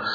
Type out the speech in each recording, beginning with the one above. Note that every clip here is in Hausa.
now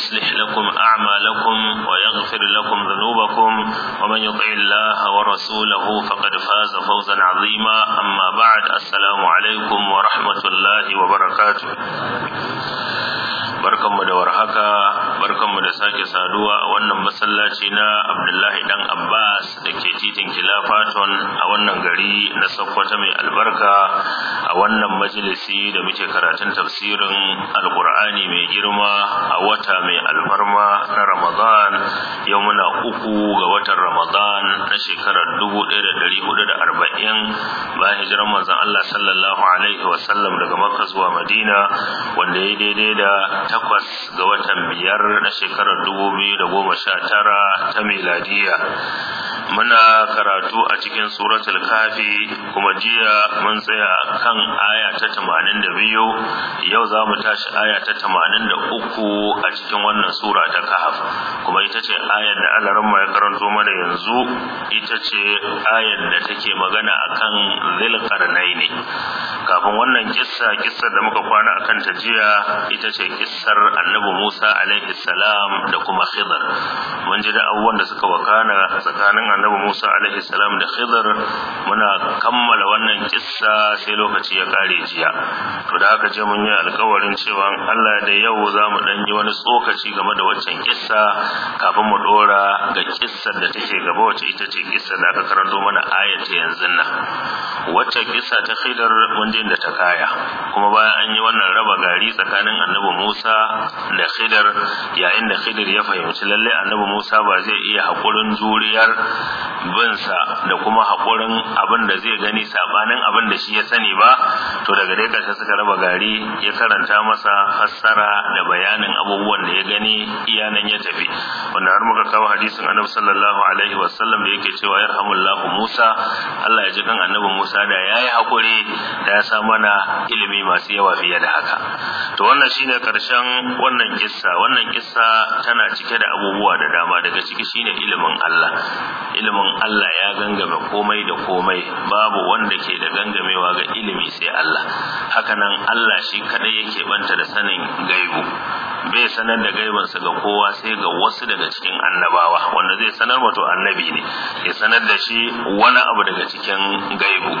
يصلح لكم أعمالكم ويغفر لكم ذنوبكم ومن يطع الله ورسوله فقد فاز فوزا عظيما أما بعد السلام عليكم ورحمة الله وبركاته barkanmu da warhaka barkanmu da sake saduwa a wannan masallaci na Abdullahi dan Abbas da ke titin Kilafaton a wannan gari na Sokoto mai albarka a wannan majalisi da muke karatun tafsirin Alkur'ani mai girma a wata mai alfarma na Ramadan yau muna uku ga watan Ramadan na shekarar arba'in. bayan hijirar manzon Allah sallallahu alaihi wasallam daga Makka zuwa Madina wanda ya daidai da takwas ga watan biyar na shekarar dubu biyu da goma sha tara ta miladiya muna karatu a cikin suratul kafi kuma jiya mun tsaya kan aya ta tamanin da biyu yau za mu tashi aya ta tamanin da uku a cikin wannan sura ta kahaf kuma ita ce ayar da alaran ya karanto mana yanzu ita ce ayar da take magana a akan zilkarnai ne kafin wannan kissa kissa da muka kwana akan ta jiya ita ce kissa kisar annabi Musa alaihi salam da kuma Khidr mun ji da abubuwan da suka wakana tsakanin annabi Musa alaihi salam da Khidr muna kammala wannan kissa sai lokaci ya kare jiya to da haka je mun yi alkawarin cewa Allah da yau za mu dan yi wani tsokaci game da waccan kissa kafin mu dora ga kissar da take gaba wacce ita ce kissar da aka karanto mana ayata yanzu nan wacce kisa ta khidar wajen da ta kaya kuma bayan an yi wannan raba gari tsakanin annabi Musa da khidar yayin da khidar ya fahimci lalle annabi Musa ba zai iya hakurin juriyar binsa da kuma hakurin abin da zai gani sabanin abin da shi ya sani ba to daga dai karshe suka raba gari ya karanta masa fassara da bayanin abubuwan da ya gani iyanan ya tafi wanda har muka kawo hadisin annabi sallallahu alaihi wasallam da yake cewa yarhamullahu Musa Allah ya ji kan annabi Musa Musa da yi hakuri da ya sa mana ilimi masu yawa fiye da haka to wannan shi ne karshen wannan kissa wannan kissa tana cike da abubuwa da dama daga ciki shi ne ilimin Allah ilimin Allah ya gangame komai da komai babu wanda ke da gangamewa ga ilimi sai Allah hakanan Allah shi kadai yake banta da sanin gaibu bai sanar da gaibansa ga kowa sai ga wasu daga cikin annabawa wanda zai sanar wato annabi ne ya sanar da shi wani abu daga cikin gaibu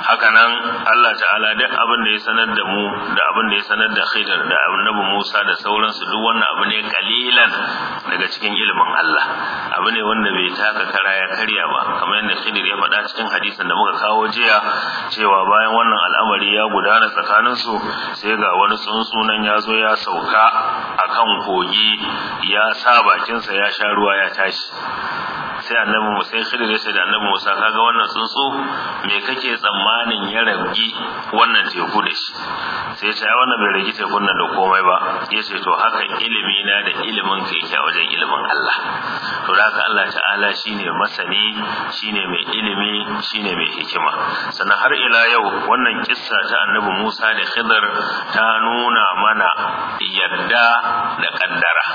Haka nan, Allah ta'ala duk abin da ya sanar da mu da abin da ya sanar da Khidir da Annabi Musa da sauransu duk wannan abu ne kalilan daga cikin ilimin Allah abu ne wanda bai taka kara ya karya ba kamar yadda Khidir ya faɗa cikin hadisin da muka kawo jiya cewa bayan wannan al'amari ya gudana tsakanin su sai ga wani tsuntsunan ya zo ya sauka akan kogi ya sa bakinsa ya sha ruwa ya tashi sai annabi Musa sai Khidir ya da annabi Musa kaga wannan tsuntsu me kake tsammani tsammanin ya raugi wannan teku da shi sai ce wannan bai raugi tekun nan da komai ba ya ce to haka ilimi na da ilimin ka yake a wajen ilimin Allah to da haka Allah ta'ala shine masani shine mai ilimi shine mai hikima sannan har ila yau wannan kissa ta annabi Musa da Khidir ta nuna mana yadda da kaddara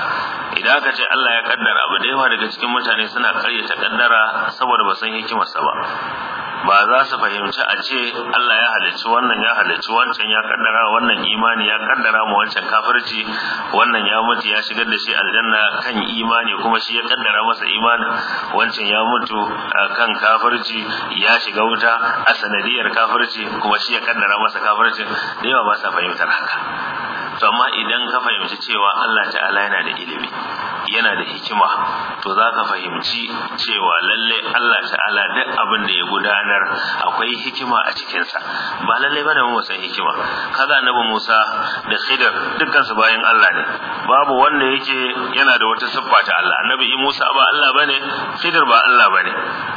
idan aka ce Allah ya kaddara abu da yawa daga cikin mutane suna ta kaddara saboda ba san hikimarsa ba ba za su fahimci a ce Allah ya halicci wannan ya halicci wancan ya kaddara wannan imani ya kaddara mu wancan kafirci wannan ya mutu ya shigar da shi aljanna kan imani kuma shi ya kaddara masa imani wancan ya mutu kan kafirci ya shiga wuta a sanadiyar kafirci kuma shi ya kaddara masa kafirci da yawa ba sa fahimtar haka to amma idan ka fahimci cewa Allah ta'ala yana da ilimi yana da hikima to za ka fahimci cewa lallai Allah ta'ala duk abin da ya gudanar akwai hikima a cikinsa ba lallai ba da mu san hikima kaza annabi Musa da Khidir dukkan su bayan Allah ne babu wanda yake yana da wata siffa ta Allah annabi Musa ba Allah bane Khidir ba Allah bane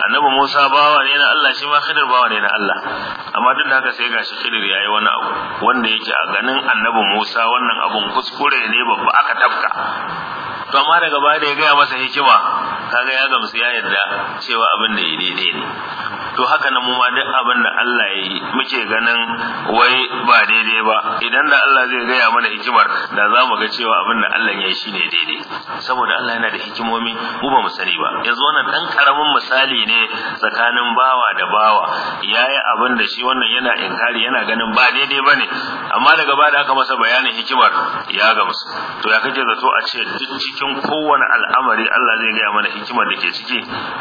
annabi Musa bawa ne na Allah shi ma Khidir bawa ne na Allah amma duk da haka sai gashi Khidir yayi wani abu wanda yake a ganin annabi Musa wannan abun kuskure ne babba aka tafka to amma daga baya da ya gaya masa hikima kaga ya gamsu ya yarda cewa abin da ya daidai ne to haka nan mu ma duk abin da Allah ya yi muke ganin wai ba daidai ba idan da Allah zai gaya mana hikimar da za mu ga cewa abin da Allah ya yi shine daidai saboda Allah yana da hikimomi mu ba mu sani ba yanzu wannan dan karamin misali ne tsakanin bawa da bawa yayi abin da shi wannan yana inkari yana ganin ba daidai ba ne. amma daga baya da aka masa bayanin hikimar ya gamsu to ya kake zato a ce duk cikin kowane al'amari Allah zai gaya mana hikimar da ke ciki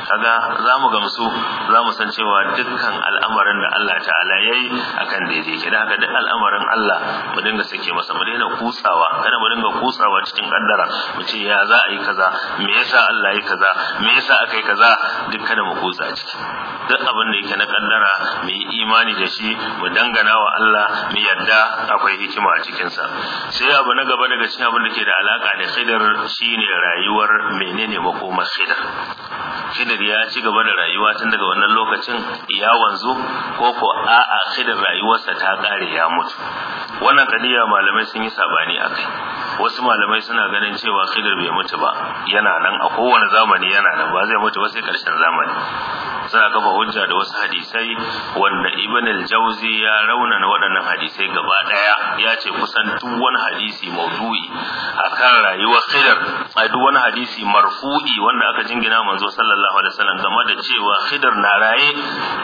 kaga za mu gamsu za mu san cewa dukkan al'amarin da Allah ta'ala ya yi a kan daidai ke da haka duk al'amarin Allah mu dinga sake masa mu daina kutsawa kada mu dinga kutsawa cikin kaddara mu ce ya za a yi kaza me yasa Allah ya yi kaza me yasa aka yi kaza duk kada mu kusa ciki duk abin da yake na kaddara mu yi imani da shi mu dangana wa Allah mu yarda akwai hikima a cikinsa sai abu na gaba daga cikin abin da ke da alaka da khidr shine rayuwar menene makomar khidr khidr ya ci gaba da rayuwa tun daga wannan lokaci mutum ya wanzu ko ko a akhirin rayuwarsa ta kare ya mutu wannan kadiya malamai sun yi sabani akai wasu malamai suna ganin cewa khidir bai mutu ba yana nan a kowane zamani yana nan ba zai mutu ba sai karshen zamani suna kafa hujja da wasu hadisai wanda ibn al-jauzi ya raunana waɗannan hadisai gaba ɗaya ya ce kusan duk wani hadisi maudu'i akan rayuwar hidar a duk wani hadisi marfu'i wanda aka jingina manzo sallallahu alaihi wasallam game da cewa hidar na raye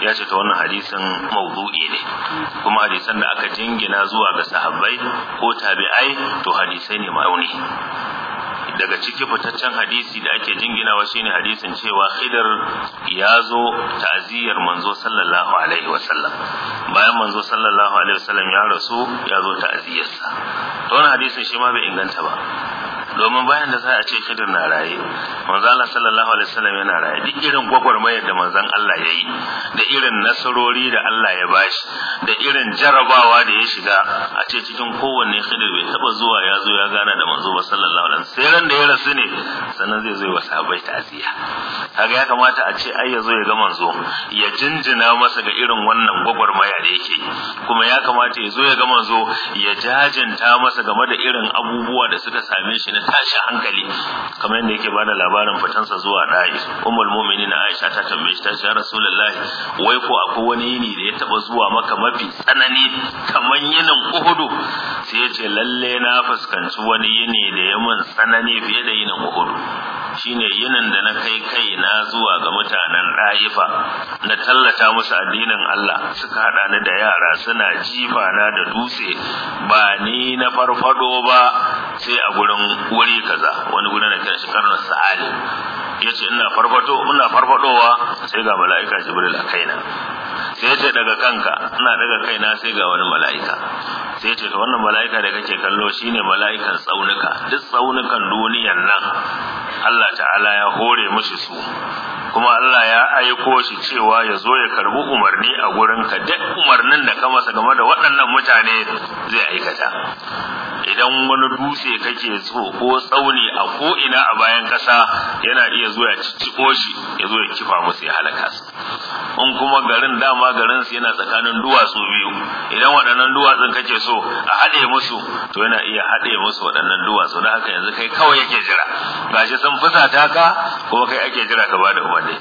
ya ce ta wannan hadisin maudu'i ne kuma hadisan da aka jingina zuwa ga sahabbai ko tabi'ai to hadisai shine ma'auni daga cikin fitaccen hadisi da ake jinginawa shine hadisin cewa Khidr ya zo ta'ziyar manzo sallallahu alaihi wasallam bayan manzo sallallahu alaihi wasallam ya rasu ya zo ta'ziyarsa to wannan hadisin shi ma bai inganta ba domin bayan da za a ce kidin na raye manzo Allah sallallahu alaihi wasallam yana raye duk irin gwagwarmaya da manzon Allah yayi da irin nasarori da Allah ya bashi da irin jarabawa da ya shiga a ce cikin kowanne kidin bai taba zuwa ya zo ya gana da manzo ba sallallahu alaihi wasallam sai ran da ya rasu ne sannan zai zo ya sahabbai ta'ziya kaga ya kamata a ce ai ya ya ga manzo ya jinjina masa ga irin wannan gwagwarmaya da yake kuma ya kamata ya zo ya ga manzo ya jajinta masa game da irin abubuwa da suka same shi na tashin hankali kamar yadda yake bada labarin fitansa zuwa ɗa'i ummul mu'minin Aisha ta tambaye shi ta ce Rasulullahi wai ko akwai wani yini da ya taɓa zuwa maka mafi tsanani kamar yinin Uhudu sai ya ce lalle na fuskanci wani yini da ya mun tsanani fiye da yinin Uhudu shine yinin da na kai kai na zuwa ga mutanen ɗa'ifa na tallata musu addinin Allah suka haɗa ni da yara suna jifa na da dutse ba ni na farfado ba sai a gurin wuri kaza wani gurin na kira shi karnar sa'ali yace ina farfado ina farfadowa sai ga mala'ika jibril a kaina sai yace daga kanka ina daga kaina sai ga wani mala'ika sai ce ta wannan mala'ika da kake kallo shine mala'ikan tsaunuka duk tsaunukan duniyan nan Allah ta'ala ya hore mushi su kuma Allah ya aiko shi cewa ya zo ya karbi umarni a gurinka duk umarnin da ka masa game da waɗannan mutane zai aikata idan wani dutse kake so ko tsauni a ko ina a bayan kasa yana iya zuwa ya shi ya zo ya kifa musu ya halaka su in kuma garin dama garin su yana tsakanin duwatsu biyu idan waɗannan duwatsun kake so a haɗe musu to yana iya haɗe musu waɗannan duwatsu na haka yanzu kai kawai yake jira gashi sun ta ka kuma kai ake jira ka bada umarni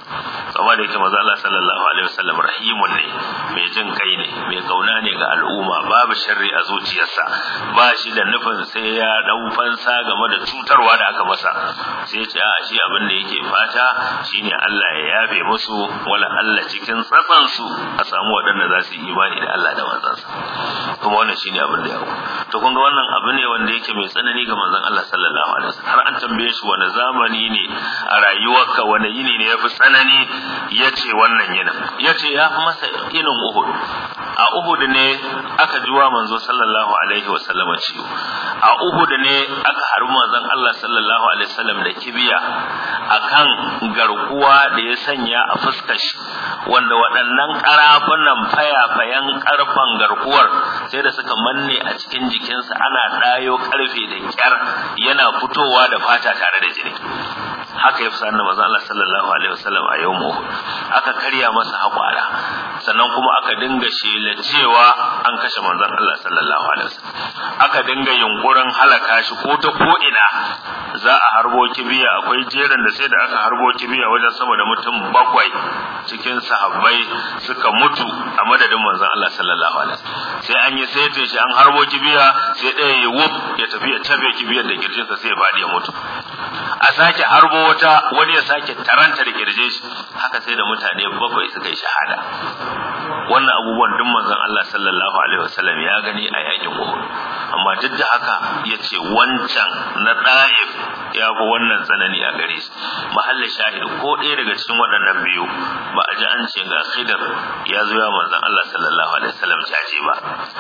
kuma da yake maza Allah sallallahu alaihi wasallam rahimun ne mai jin kai ne mai kauna ne ga al'umma babu sharri a zuciyarsa ba shi da nufin sai ya dau fansa game da cutarwa da aka masa sai ya ce a shi abin da yake fata shine Allah ya yafe musu wala Allah cikin tsafansu a samu waɗanda za su yi imani da Allah da manzansa kuma wannan shi shine abin da ya ku to kun ga wannan abu ne wanda yake mai tsanani ga manzon Allah sallallahu alaihi wasallam har an tambaye shi wani zamani ne a rayuwarka wani yini ne yafi tsanani yace wannan yinin yace ya fi masa yinin Uhud a Uhud ne aka jiwa manzo sallallahu alaihi wasallam ciwo a Uhud ne aka harbi manzon Allah sallallahu alaihi wasallam da kibiya akan garkuwa da ya sanya a fuskar shi wanda waɗannan ƙarafunan fayafayan ƙarfen garkuwar sai da suka manne a cikin jikinsa ana ɗayo ƙarfe da ƙyar yana fitowa da fata tare da jini haka ya fi annabi Allah sallallahu alaihi wasallam a yau mu aka karya masa hakwara sannan kuma aka dinga shela cewa an kashe manzon Allah sallallahu alaihi wasallam aka dinga yunkurin halaka shi ko ta ko ina za a harbo kibiya akwai jeran da sai da aka harbo kibiya wajen sama da mutum bakwai cikin sahabbai suka mutu a madadin manzon Allah sallallahu alaihi wasallam sai an yi sai shi an harbo kibiya sai ɗaya ya wuf ya tafi ya tabe kibiyar da kirjinsa sai ya faɗi ya mutu a sake harbo wata wani ya sake taranta da kirje shi haka sai da mutane bakwai suka yi shahada wannan abubuwan duk manzon Allah sallallahu alaihi wasallam ya gani a yakin Uhud amma duk da haka yace wancan na da'if ya go wannan tsanani a gare shi mahallin shahid ko ɗaya daga cikin waɗannan biyu ba a ji an ce ga sidar ya zo ya manzon Allah sallallahu alaihi wasallam jaje ba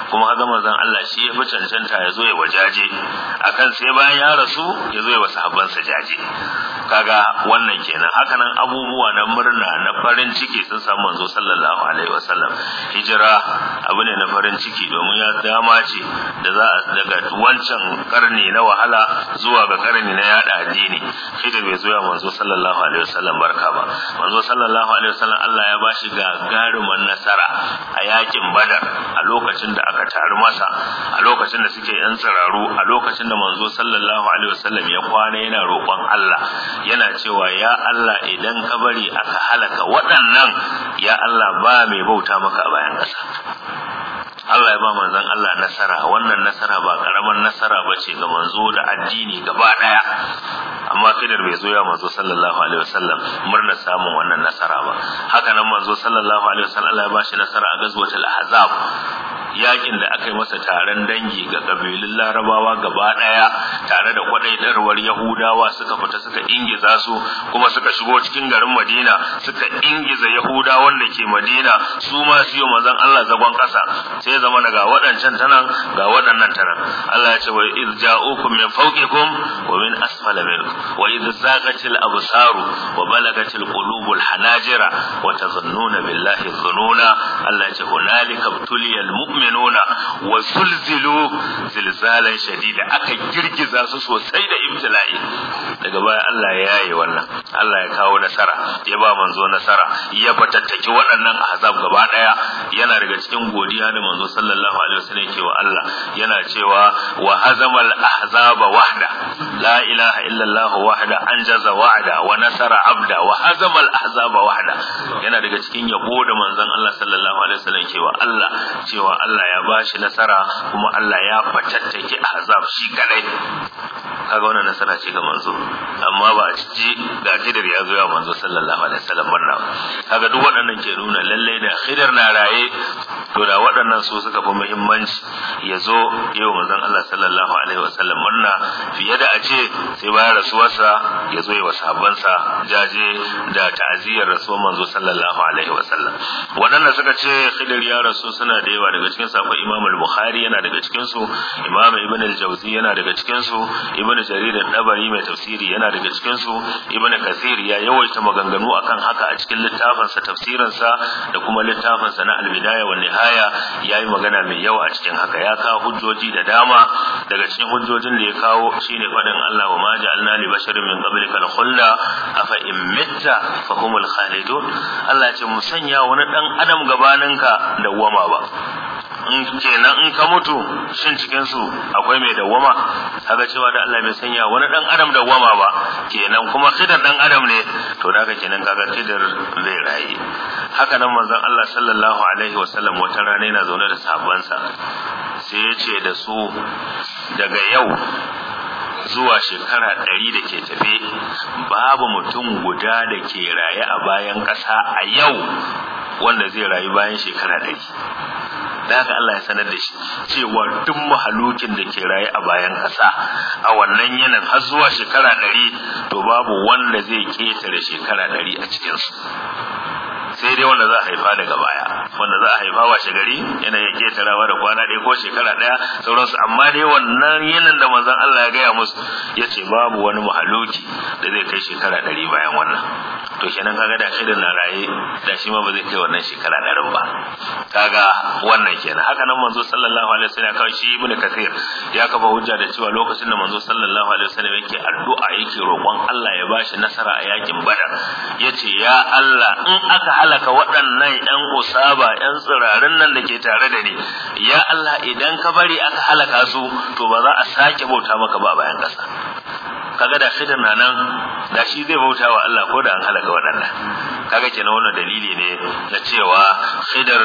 kuma kaga manzon Allah shi ya fi cancanta ya zo ya wajaje akan sai bayan ya rasu ya zo ya wasu sa jaje kaga wannan kenan haka nan abubuwa na murna na farin ciki sun samu manzo sallallahu alaihi wasallam hijira abu ne na farin ciki domin ya dama ce da za a daga wancan karni na wahala zuwa ga karni na yada addini hijira bai zo ya manzo sallallahu alaihi wasallam barka ba manzo sallallahu alaihi wasallam Allah ya bashi ga garuman nasara a yakin badar a lokacin da aka taru masa a lokacin da suke yan tsiraru a lokacin da manzo sallallahu alaihi wasallam ya kwana yana roƙon Allah yana cewa ya Allah idan ka bari aka halaka waɗannan ya Allah ba mai bauta maka bayan ƙasa Allah ya ba manzon Allah nasara wannan nasara ba karaman nasara ba ce ga manzo da addini gaba daya amma kidar bai zo ya manzo sallallahu alaihi wasallam murna samun wannan nasara ba haka nan manzo sallallahu alaihi wasallam Allah ya ba shi nasara a gazwatul ahzab yakin da aka yi masa taron dangi ga kabilun larabawa gaba daya tare da kwadaitarwar yahudawa suka fita suka ingiza su kuma suka shigo cikin garin madina suka ingiza Yahudawa da ke madina su ma siyo mazan allah zagon kasa sai zama ga waɗancan tanan ga waɗannan tanan allah ya ce wa iz ja'ukum min fawqikum wa min asfala minkum wa iz zaqatil absaru wa balagatil qulubul hanajira wa tazunnuna billahi dhununa allah ya ce hunalika ibtuliya al mu'minuna wa zulzilu zilzalan shadida aka girgiza su sosai da imtila'i daga baya Allah ya yaye wannan Allah ya kawo nasara ya ba manzo nasara ya fatattaki waɗannan ahzab gaba daya yana daga cikin godiya da manzo sallallahu alaihi wasallam ke wa Allah yana cewa wa hazamal ahzaba wahda la ilaha illallah wahda anjaza wa'da wa nasara abda wa hazamal ahzaba wahda yana daga cikin yabo da manzon Allah sallallahu alaihi wasallam ke wa Allah cewa Allah Allah ya bashi nasara kuma Allah ya fatattake azab shi kadai kaga wannan nasara ce ga manzo amma ba a ci ga jidar ya zo ya manzo sallallahu alaihi wasallam wannan kaga duk waɗannan ke nuna lallai da khidar na raye to da waɗannan su suka fi muhimmanci ya zo yau manzon Allah sallallahu alaihi wasallam wannan fiye da a ce sai bayan rasuwarsa ya zo ya sahabbansa jaje da ta'aziyar rasuwar manzo sallallahu alaihi wasallam waɗanda suka ce khidar ya rasu suna da yawa daga cikin cikin su akwai Imam al-Bukhari yana daga cikin su Imam Ibn al-Jawzi yana daga cikin su Ibn Jarir al-Tabari mai tafsiri yana daga cikin su Ibn Kathir ya yawaita maganganu akan haka a cikin littafin sa tafsirin sa da kuma littafin sa na al-Bidaya wa Nihaya yayi magana mai yawa a cikin haka ya kawo hujjoji da dama daga cikin hujjojin da ya kawo shine fadin Allah wa ma ja'alna li basharin min qablika al-khulda afa in mitta fa humul khalidun Allah ya ce mu sanya wani dan adam gabaninka dawwama ba kenan in ka mutu shin cikin su akwai mai dawwama kaga cewa da Allah bai sanya wani dan adam dawwama ba kenan kuma khidar dan adam ne to da kenan kaga sidar zai rayu haka nan manzon Allah sallallahu alaihi wasallam wata rana yana zaune da sahabbansa sai ya ce da su daga yau zuwa shekara ɗari da ke tafe babu mutum guda da ke raye a bayan ƙasa a yau wanda zai rayu bayan shekara ɗari da haka Allah ya sanar da shi cewa duk mahalukin da ke raye a bayan ƙasa a wannan yanin har zuwa shekara ɗari to babu wanda zai ƙetare shekara ɗari a cikinsu sai dai wanda za a haifa daga baya wanda za a haifa washe gari yana ya tarawa da kwana ɗaya ko shekara ɗaya sauransu amma dai wannan yinin da manzon Allah ya gaya musu ya ce babu wani mahaluki da zai kai shekara ɗari bayan wannan to kenan kaga da shirin na raye da shi ma ba zai kai wannan shekara ɗarin ba kaga wannan kenan haka nan manzo sallallahu alaihi wasallam ya kawo shi ibn kathir ya kafa hujja da cewa lokacin da manzo sallallahu alaihi wasallam yake addu'a yake roƙon Allah ya bashi nasara a yakin badar yace ya Allah in aka halaka waɗannan ‘yan usaba ‘yan tsirarin nan da ke tare da ni, ya Allah idan ka bari aka halaka su, to ba za a sake bauta maka ba bayan ƙasa. Kaga da shi na nan, da shi zai bauta wa Allah ko da an halaka waɗannan. Kaga kenan wannan dalili ne na cewa fidar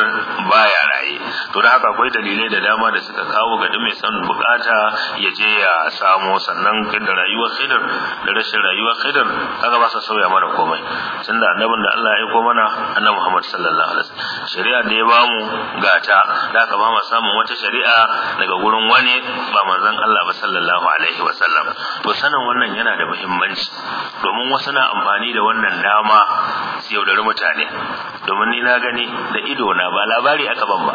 baya yi to da haka akwai dalilai da dama da suka kawo ga duk mai son bukata ya je ya samo sannan da rayuwar khidr da rashin rayuwar khidr kaga ba sa sauya mana komai tunda annabin da Allah ya aiko mana annabi Muhammad sallallahu alaihi wasallam shari'a da ya bamu gata da haka ba mu samun wata shari'a daga gurin wani ba manzon Allah ba sallallahu alaihi wasallam to sanin wannan yana da muhimmanci domin wasu na amfani da wannan dama su yaudari mutane domin ni na gani da ido na ba labari aka ban ba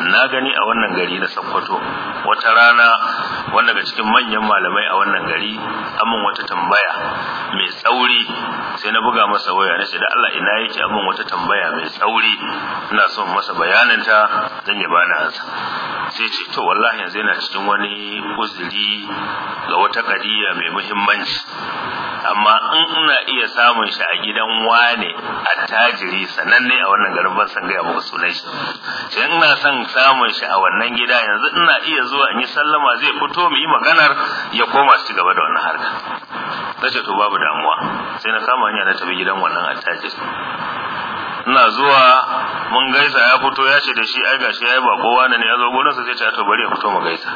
na gani a wannan gari da sakkwato wata rana wanda daga cikin manyan malamai a wannan gari amin wata tambaya mai tsauri sai na buga masa waya na da Allah ina yake amin wata tambaya mai tsauri ina son masa bayaninta zan yi bani hansa sai ce to wallahi yanzu yana cikin wani uzuri ga wata kadiya mai muhimmanci amma in ina iya samun shi a gidan wane attajiri sananne a wannan garin ban san gaya muku sunan shi sai ina son samun shi a wannan gida yanzu ina iya zuwa in yi sallama zai fito mu yi maganar ya koma su gaba da wannan harka na ce to babu damuwa sai na samu hanya na tafi gidan wannan attajir ina zuwa mun gaisa ya fito ya ce da shi ai gashi yayi ba kowa ne ya zo gurin sa sai ce to bari ya fito mu gaisa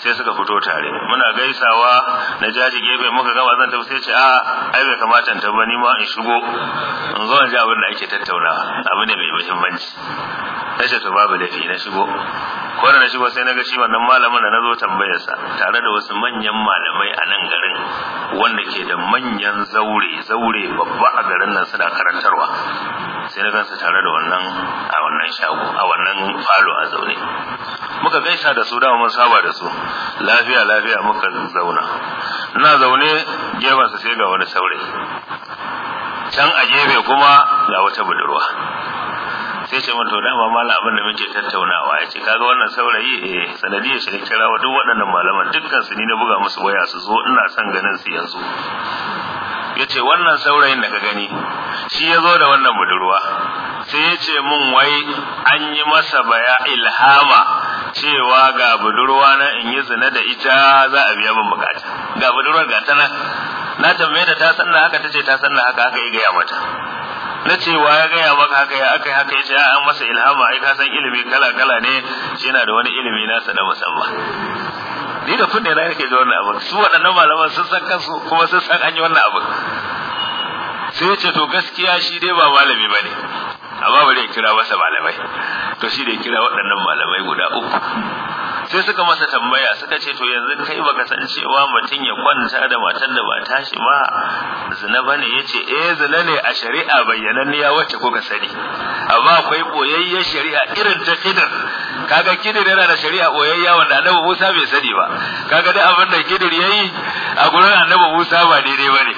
sai suka fito tare muna gaisawa na jaji gefe muka gama zan tafi sai ce a ai bai kamata ta ba ni ma in shigo in zo in ji abin da ake tattaunawa abu ne mai muhimmanci na to babu fi na shigo ko da na shigo sai na ga shi wannan malamin da na zo tambayarsa tare da wasu manyan malamai a nan garin wanda ke da manyan zaure zaure babba a garin nan suna karantarwa sai na gansu tare da wannan a wannan shago a wannan falo a zaune muka gaisa da su dama mun saba da su lafiya lafiya muka zauna na zaune gefensa sai ga wani saurayi can a gefe kuma ga wata budurwa sai ce mata dama malam abin da muke tattaunawa ya ce kaga wannan saurayi eh sanadiyar shi wa duk waɗannan malaman dukkan su ni na buga musu waya su zo ina son ganin su yanzu ya ce wannan saurayin da ka gani shi ya zo da wannan budurwa sai ya ce mun wai an yi masa baya ilhama cewa ga budurwa na in yi zina da ita za a biya min bukata ga budurwar ga tana na tambaye da ta sanna haka ta ce ta sanna haka haka yi gaya mata na ce wa ya gaya maka haka ya aka haka ya ce an masa ilhama ai ka san ilimi kala kala ne shi yana da wani ilimi nasa na musamman ni da kunne na yake ji wannan abin su waɗannan malaman sun san kansu kuma sun san an yi wannan abin sai ya ce to gaskiya shi dai ba malami ba ne amma bari ya kira masa malamai to shi da ya kira waɗannan malamai guda uku sai suka masa tambaya suka ce to yanzu kai baka san cewa mutum ya kwanta da matar da ba tashi ba zina bane yace eh zina ne a shari'a bayyananniya wacce kuka sani amma akwai boyayyar shari'a irin ta kidar kaga kidar yana da shari'a boyayya wanda annabi Musa bai sani ba kaga da abin da kidar yayi a gurin annabi Musa ba daidai bane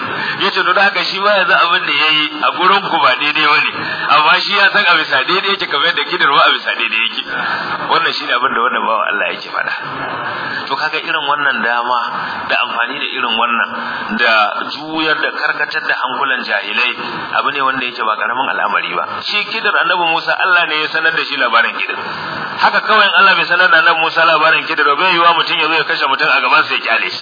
yace to da haka shi ba yanzu abin da yayi a gurin ku ba daidai bane amma shi ya san a bisa daidai yake kamar da kidar ba a bisa daidai yake wannan shine abin da wannan bawa Allah yake ake faɗa to kaga irin wannan dama da amfani da irin wannan da juyar da karkatar da hankulan jahilai abu ne wanda yake ba karamin al'amari ba shi kidar annabi Musa Allah ne ya sanar da shi labarin kidar haka kawai Allah bai sanar da nan Musa labarin kidiro bai yiwa mutum ya zo ya kashe mutum a gaban sa ya kyale shi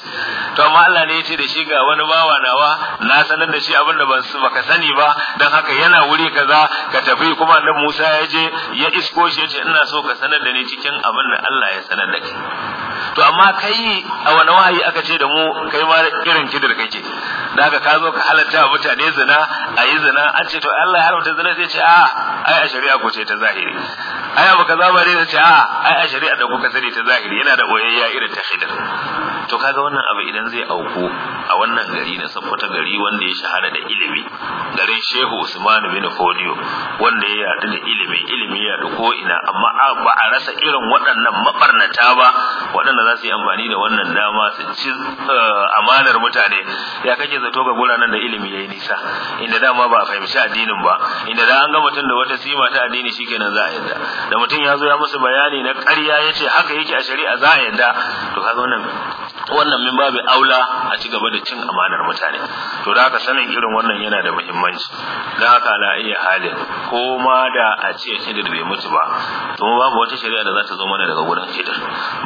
to amma Allah ne ya ce da shi ga wani bawa nawa na sanar da shi abin da ban baka sani ba dan haka yana wuri kaza ka tafi kuma nan Musa ya je ya isko shi ya ce ina so ka sanar da ni cikin abin da Allah ya sanar da kai to amma kai a wani wahayi aka ce da mu kai ma irin kidir kake da haka ka zo ka halarta wa mutane zina a yi zina an ce to Allah ya haramta zina sai ce a ai a shari'a ko ce ta zahiri ai abu kaza ba ne ce a ai a shari'a da kuka sani ta zahiri yana da oyayya irin ta khidr to kaga wannan abu idan zai auku a wannan gari na wata gari wanda ya shahara da ilimi garin shehu usman bin fodiyo wanda ya yadu da ilimi ilimi ya yadu ko ina amma ba a rasa irin waɗannan mabarnata ba waɗanda za su yi amfani da wannan dama su ci eh, amanar mutane ya kake zato ga guranan da ilimi ya yi nisa inda dama ba a fahimci addinin ba inda da an ga mutum da wata sima ta addini shikenan za a yadda da mutum ya zo ya musu bayani na ƙarya ya ce haka yake a shari'a za a yadda to kaga wannan wannan min babu aula a ci gaba da cin amanar mutane to da haka sanin irin wannan yana da muhimmanci da haka la iya halin ko ma da a ce hidir bai mutu ba to babu wata shari'a da za ta zo mana daga gurin hidir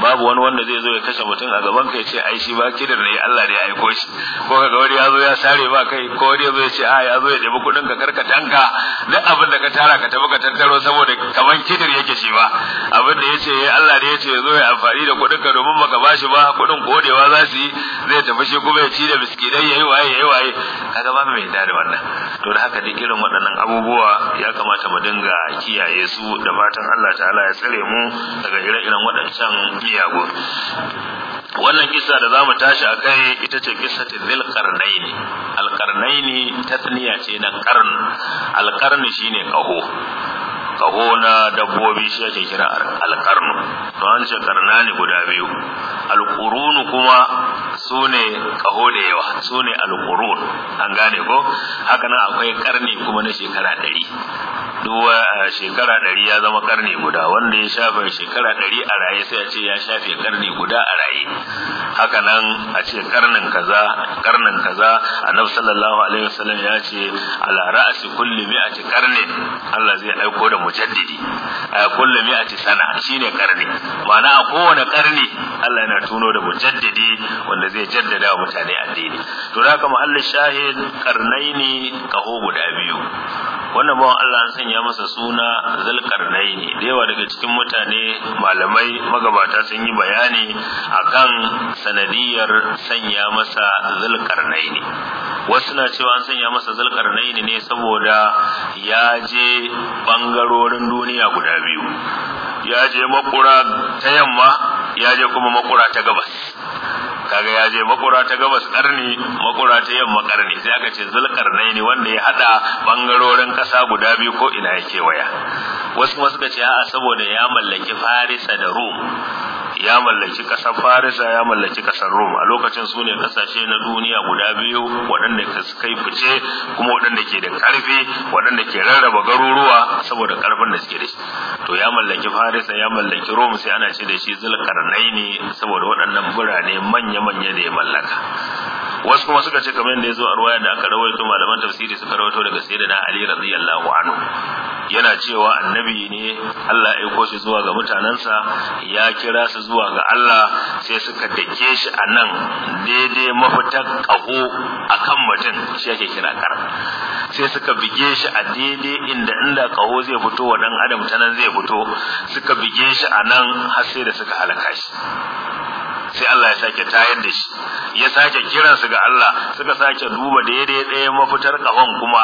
babu wani wanda zai zo ya kashe mutum a gaban ka ya ce ai shi ba kidir ne Allah ne ya aiko shi ko kaga wani ya zo ya sare ba kai ko wani ya zo ya ce a ya zo ya debi kudin ka karka duk abin da ka tara ka tafi ka tattaro saboda kaman kidir yake shi ba abin da ya ce eh, Allah ne ya ce ya zo ya amfani da kudin ka domin maka bashi ba kuɗin ko kodewa za su yi zai tafi shi kuma ya ci da biskidai yi waye yi waye kaga ba mai da wannan to da haka duk irin waɗannan abubuwa ya kamata mu dinga kiyaye su da fatan Allah ta'ala ya tsare mu daga ire-iren waɗancan miyagu wannan kisa da zamu tashi akai ita ce kisatul zil qarnaini tasniya ce na qarn al shine ƙaho kaho na dabbobi shi ake kira alƙarnu to an ce karna ne guda biyu alƙurunu kuma su ne kaho da yawa su ne alƙurun an gane ko haka nan akwai ƙarni kuma na shekara ɗari duwa a shekara ɗari ya zama karni guda wanda ya shafe shekara ɗari a raye sai a ce ya shafe karni guda a raye haka nan a ce karnin kaza karnin kaza annabi sallallahu alaihi wasallam ya ce a ce kullum ya ce karni. Allah zai aiko da mujaddidi a ya ce sana shine karni ma'ana a kowane karni Allah yana tuno da mujaddidi wanda zai jaddada wa mutane addini to da haka mu'allil shahid karnaini kaho guda biyu wannan bawan Allah an sanya ya masa suna zulkarnaini da yawa daga cikin mutane malamai magabata sun yi bayani akan sanadiyar sanya masa zulkarnaini wasu na cewa an sanya masa zulkarnaini ne saboda ya je bangarorin duniya guda biyu ya je makura ta yamma ya je kuma makura ta gabas kaga ya je makura ta gabas karni makura ta yamma karni sai aka ce zulkarnai ne wanda ya hada bangarorin kasa guda biyu ko ina yake waya wasu kuma suka a saboda ya mallaki farisa da rum ya mallaki kasar farisa ya mallaki kasar rum a lokacin sune ne kasashe na duniya guda biyu waɗanda kai fice kuma waɗanda ke da karfi waɗanda ke rarraba garuruwa saboda ƙarfin da suke da shi to ya mallaki farisa ya mallaki rum sai ana ce da shi zulkarnai ne saboda waɗannan bura birane manya-manya da ya mallaka wasu kuma suka ce kamar da ya zo a ruwaya da aka rawaito malaman tafsiri suka rawaito daga na ali radiyallahu anhu yana cewa annabi ne Allah ya aiko shi zuwa ga mutanensa ya kira su zuwa ga Allah sai suka dake shi a nan daidai mafitar ƙaho a kan mutum shi yake kira kar sai suka bige shi a daidai inda inda ƙaho zai fito wa ɗan adam tanan zai fito suka bige shi a nan har sai da suka halaka shi sai Allah ya sake tayar da shi ya sake kiransu ga Allah suka sake duba daidai ɗaya mafitar kafan kuma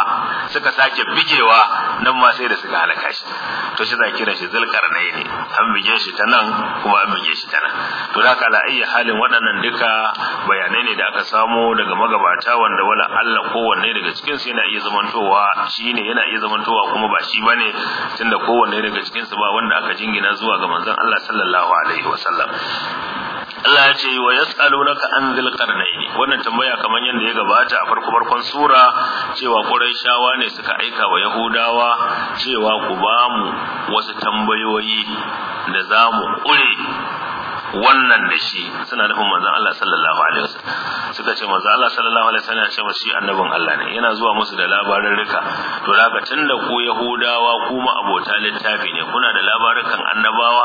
suka sake bigewa nan ma sai da suka halaka shi to shi za kiran shi zulkarnai ne an bige shi ta nan kuma an bige shi ta nan to da kala ayyi halin waɗannan duka bayanai ne da aka samo daga magabata wanda wala Allah kowanne daga cikin su yana iya zamantowa shine yana iya zamantowa kuma ba shi bane tunda kowanne daga cikin su ba wanda aka jingina zuwa ga manzon Allah sallallahu alaihi wasallam Allah ya ce wa yas'alunaka an zil qarnaini wannan tambaya kamar yadda ya gabata a farko farkon sura cewa Qurayshawa ne suka aika wa Yahudawa cewa ku ba mu wasu tambayoyi da za mu ƙure wannan da shi suna nufin manzon Allah sallallahu alaihi wasallam suka ce manzon Allah sallallahu alaihi wasallam ya ce shi annabin Allah ne yana zuwa musu da labarin rika to tun da ku Yahudawa kuma abota littafi ne kuna da labarukan annabawa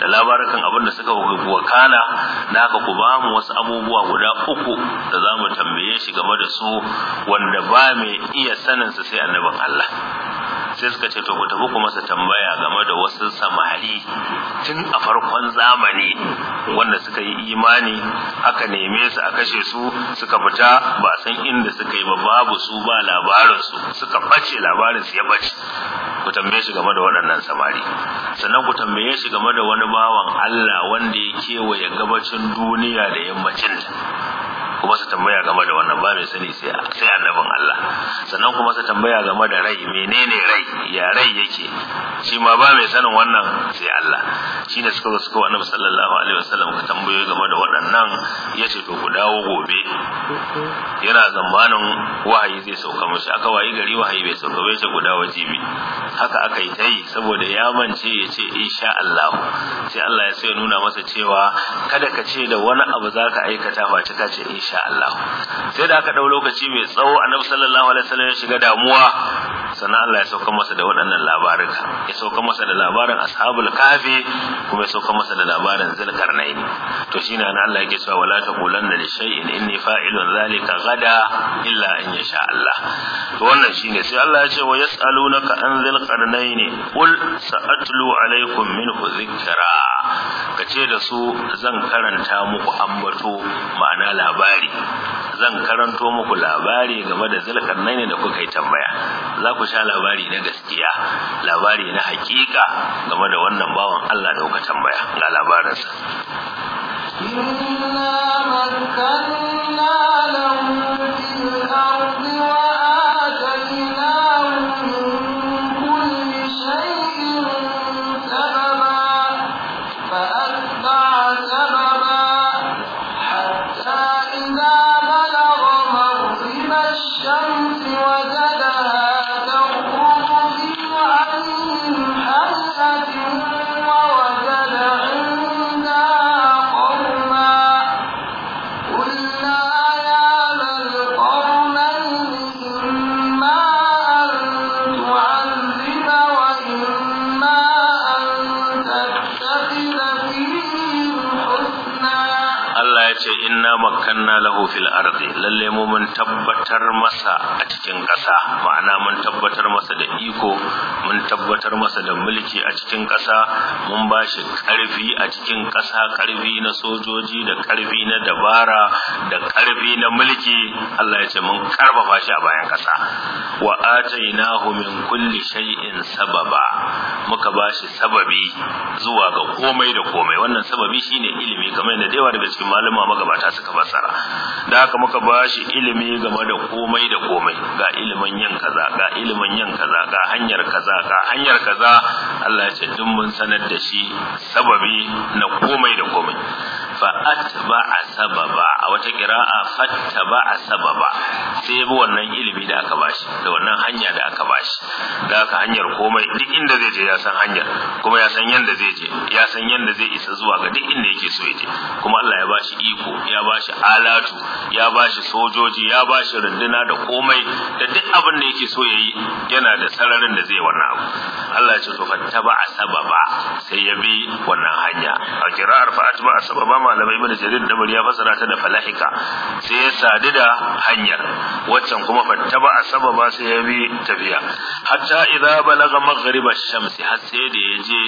da labarukan abin da suka wakana da haka ku ba mu wasu abubuwa guda uku da za mu tambaye shi game da su wanda ba mai iya sanin su sai annabin Allah sai suka ce to ku tafi ku masa tambaya game da wasu samari tun a farkon zamani wanda suka yi imani aka neme su a kashe su suka fita ba san inda suka yi ba babu su ba labarin su suka bace labarin su ya bace ku tambaye shi game da waɗannan samari sannan ku tambaye shi game da wani bawan Allah wanda ya kewaye gabacin duniya da yammacin kuma su tambaya game da wannan ba mai sani sai annabin Allah sannan kuma su tambaya game da rai menene rai ya rai yake shi ma ba mai sanin wannan sai Allah shi ne suka suka annabi sallallahu alaihi wasallam ka tambayoyi game da waɗannan yace to ku dawo gobe yana zamanin wahayi zai sauka mushi aka wayi gari wahayi bai sauka bai ce ku dawo jibi haka aka yi ta yi saboda ya mance ya ce insha Allah sai Allah ya sai nuna masa cewa kada ka ce da wani abu za ka aikata face ka ce insha Allah sai da aka dau lokaci mai tsawo annabi sallallahu alaihi wasallam ya shiga damuwa sannan Allah ya sauka masa da waɗannan labarin ya sauka masa da labarin ashabul kahfi kuma ya sauka masa da labarin zulkarnaini to shine nan Allah yake cewa wala taqulanna li shay'in inni fa'ilun zalika gada illa in yasha Allah to wannan shine sai Allah ya ce wa yas'alunaka an ne qul sa'atlu alaikum minhu dhikra kace da su zan karanta muku ambato ma'ana labari zan karanto muku labari game da ne da kuka yi tambaya za ku sha labari na gaskiya labari na hakika game da wannan bawan Allah da kuka tambaya ga labarinsa inna makanna lahu lahu fil ardi lalle mu mun tabbatar masa a cikin ƙasa ma'ana mun tabbatar masa da iko mun tabbatar masa da mulki a cikin ƙasa mun ba shi ƙarfi a cikin ƙasa ƙarfi na sojoji da ƙarfi na dabara da ƙarfi na mulki Allah ya ce mun karfafa shi a bayan ƙasa wa atainahu min kulli shay'in sababa muka ba shi sababi zuwa ga komai da komai wannan sababi shine ilimi kamar yadda da yawa daga cikin malama magabata suka fassara da haka muka ba shi ilimi game da komai da komai ga ilimin yin kaza ga ilimin yin kaza ga hanyar kaza ga hanyar kaza Allah ya ce duk mun sanar da shi sababi na komai da komai fa atba'a sababa a wata fatta a saba sababa sai bi wannan ilimi da aka bashi da wannan hanya da aka bashi da aka hanyar komai duk inda zai je ya san hanyar kuma ya san yanda zai je ya san yanda zai isa zuwa ga duk inda yake so ya je kuma Allah ya bashi iko ya bashi alatu ya bashi sojoji ya bashi runduna da komai da duk abin da yake so ya yi yana da sararin da zai wannan abu Allah ya ce to saba sababa sai ya bi wannan hanya a qira'ar fa atba sababa malamai ibn jarir da ya fasara ta da lahika sai ya sadu da hanyar waccan kuma fattaba a sababa sai ya bi tafiya hatta idza balaga maghriba shamsi har sai da yaje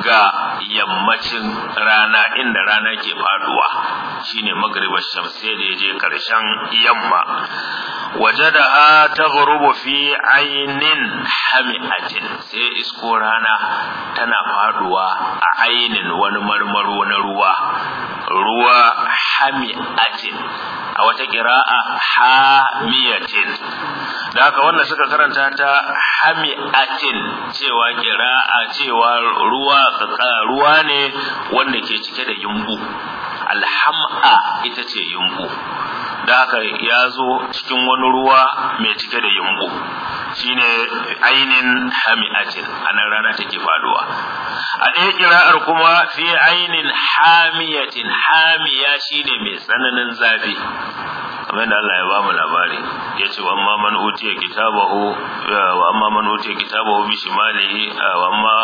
ga yammacin rana inda rana ke faduwa shine maghriba shamsi sai da yaje karshen yamma wajadaha taghrubu fi ainin hamiatin sai isko rana tana faduwa a ainin wani marmaro na ruwa ruwa hami'atin a wata ƙira'a hamiyatin da haka wannan suka karanta ta hami'atin cewa ƙira'a cewa ruwa ruwa ne wanda ke cike da yumbu alham'a ita ce yumbu da haka ya zo cikin wani ruwa mai cike da yumbu shine ainin hami'atin nan rana take faduwa a ɗaya kira'ar kuma fi ainin hamiyatin hamiya ne mai tsananin zafi kamar da Allah ya ba mu labari ya ce wa amma man utiya kitabahu wa amma man utiya kitabahu bi shimalihi wa amma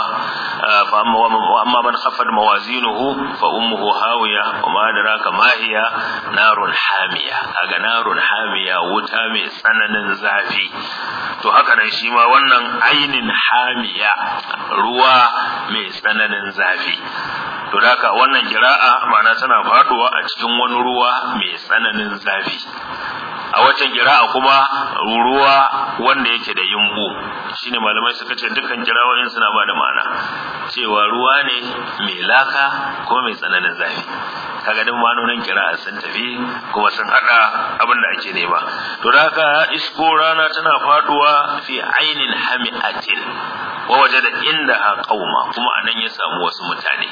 fa amma wa amma man khaffat mawazinuhu fa ummuhu hawiya wa ma adraka ma hiya hamiya kaga narun hamiya wuta mai tsananin zafi to haka nan shi ma wannan ainin hamiya ruwa mai tsananin zafi to haka wannan kira'a ma'ana tana faduwa a cikin wani ruwa mai tsananin zafi a wata kira'a kuma ruwa wanda yake da yumbu shine malamai suka ce dukkan jirawoyin suna ba da ma'ana cewa ruwa ne mai laka ko mai tsananin zafi kaga duk ma'anonin kira'a sun tafi kuma sun hada abin da ake nema to da haka isko rana tana faduwa fi ainin hami'atin wa wajada inda qauma kuma anan ya samu wasu mutane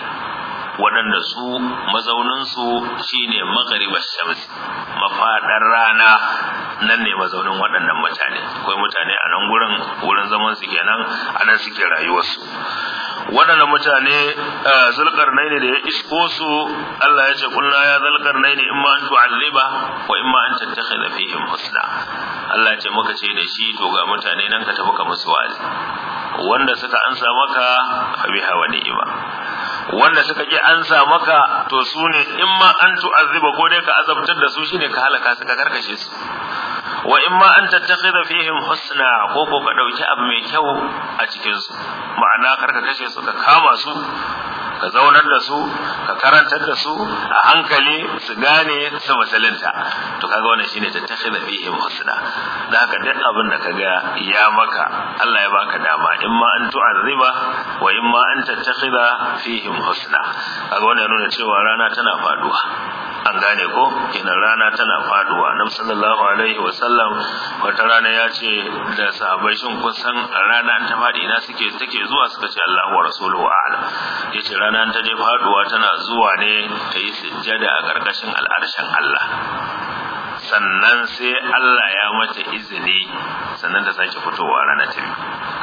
waɗanda su mazauninsu shine magaribar shamsi mafaɗar rana nan ne mazaunin waɗannan mutane akwai mutane a nan gurin wurin zaman su kenan a nan suke rayuwarsu waɗannan mutane eh, zulkar nai ne da ya isko su Allah ya ce kulna ya zulkar nai ne imma an tu'alliba wa imma an tattakhidha fihim husna Allah ya ce muka ce da shi to ga mutane nan ka tafi ka musu wa'azi wanda suka ansa maka fa biha wa ni'ima wanda suka ki an sa maka to su ne in ma an tu'azziba ko dai ka azabtar da su shine ka halaka su ka karkashe su wa in ma an tattakhidha fihim husna ko ko ka dauki abu mai kyau a cikin su ma'ana karka kashe su ka kama su ka zaunar da su ka karantar da su a hankali su gane su masalinta. to kaga wannan shine tattakhidha bihi husna da haka duk abin da kaga ya maka Allah ya baka dama in ma an tu'azziba wa in ma an tattakhida fihim husna kaga wannan yana nuna cewa rana tana faduwa an gane ko ina rana tana faduwa na sallallahu alaihi wa sallam wata rana ya ce da sahabbai shin kun san rana ta fadi ina suke take zuwa suka ce Allah wa rasuluhu a'lam yace rana an ta je faduwa tana zuwa ne ta yi sujjada a karkashin al'arshin Allah sannan sai Allah ya mata izini sannan da sake fitowa rana ta biyu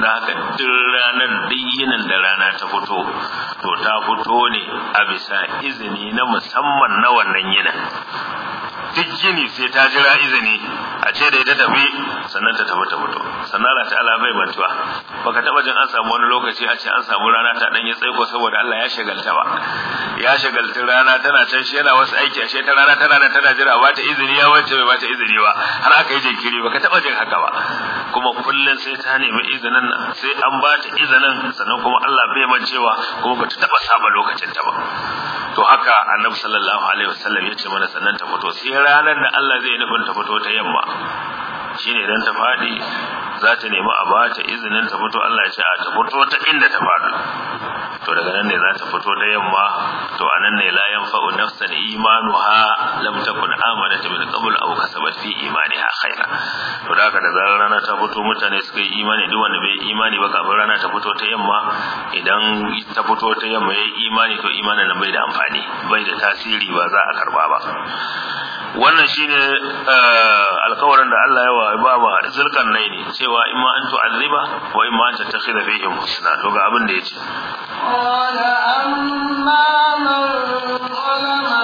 da haka duk ranar duk yinin da rana ta fito to ta fito ne a bisa izini na musamman na wannan yinin duk gini sai ta jira izini a ce da ita tafi sannan ta tafi ta fito sannan Allah ala bai bantuwa baka taba jin an samu wani lokaci a ce an samu rana ta dan ya tsaiko saboda Allah ya shagalta ba ya shagalta rana tana can shi yana wasu aiki a she ta rana tana tana jira ba ta izini ya wance bai ba ta izini ba har aka yi jinkiri baka taba jin haka ba kuma kullun sai ta nemi izinin nan sai an ba ta izinin sannan kuma Allah bai mancewa kuma ba ta taba saba lokacin ta ba to haka annabi sallallahu alaihi wasallam ya ce mana sannan ta fito sai ranar da Allah zai nufin ta fito ta yamma shine idan ta fadi za ta nemi a bata izinin ta fito Allah ya ce a ta fito ta inda ta fadi to daga nan ne za ta fito da yamma to a nan ne la fa'u nafsan imanuha lam takun amanat min qabl aw kasabat fi imaniha khaira to daga da zarar rana ta fito mutane suka yi imani duk wanda bai imani ba kafin rana ta fito ta yamma idan ta fito ta yamma yayi imani to imanin nan bai da amfani bai da tasiri ba za a karba ba wannan shine eh, alkawarin da Allah ya wa baba nai ne cewa imma an tu'azziba wa imma an tattakhidha fihim husna to ga abin da yace qala amma man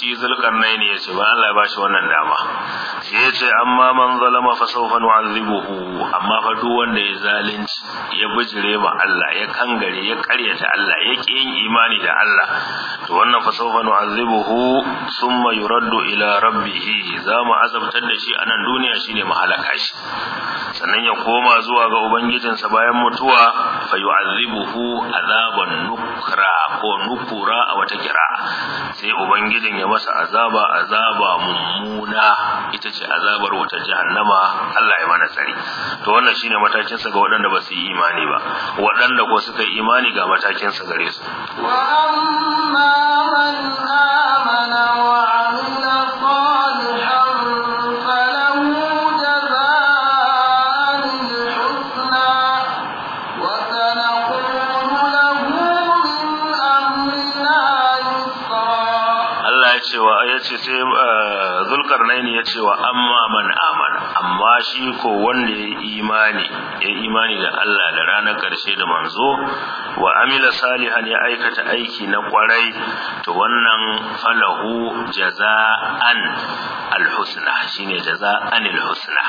shi zulkarnain ya ce ba Allah ya shi wannan dama sai ya ce amma man zalama fa saufa nu'azibuhu amma fa duk wanda ya zalunci ya bijire ma Allah ya kangare ya karyata Allah ya ki yin imani da Allah to wannan fa saufa nu'azibuhu thumma yuraddu ila rabbih za mu azabtar da shi a nan duniya shine mahalaka shi sannan ya koma zuwa ga ubangijinsa bayan mutuwa fa yu'azibuhu azaban nukra ko nukura a wata kira sai ubangijin ya masa azaba azaba mummuna ita ce azabar wata jahannama Allah ya mana tsari to wannan shine matakin sa ga waɗanda ba su yi imani ba waɗanda ko suka yi imani ga matakin sa gare su wa amma man amana wa ce sai eh, zulkarnaini ya ce wa amma man amana amma shi ko wanda ya imani ya imani da Allah da ranar karshe da manzo wa amila salihan ya aikata aiki na kwarai to wannan falahu jaza'an alhusna shine jaza'an alhusna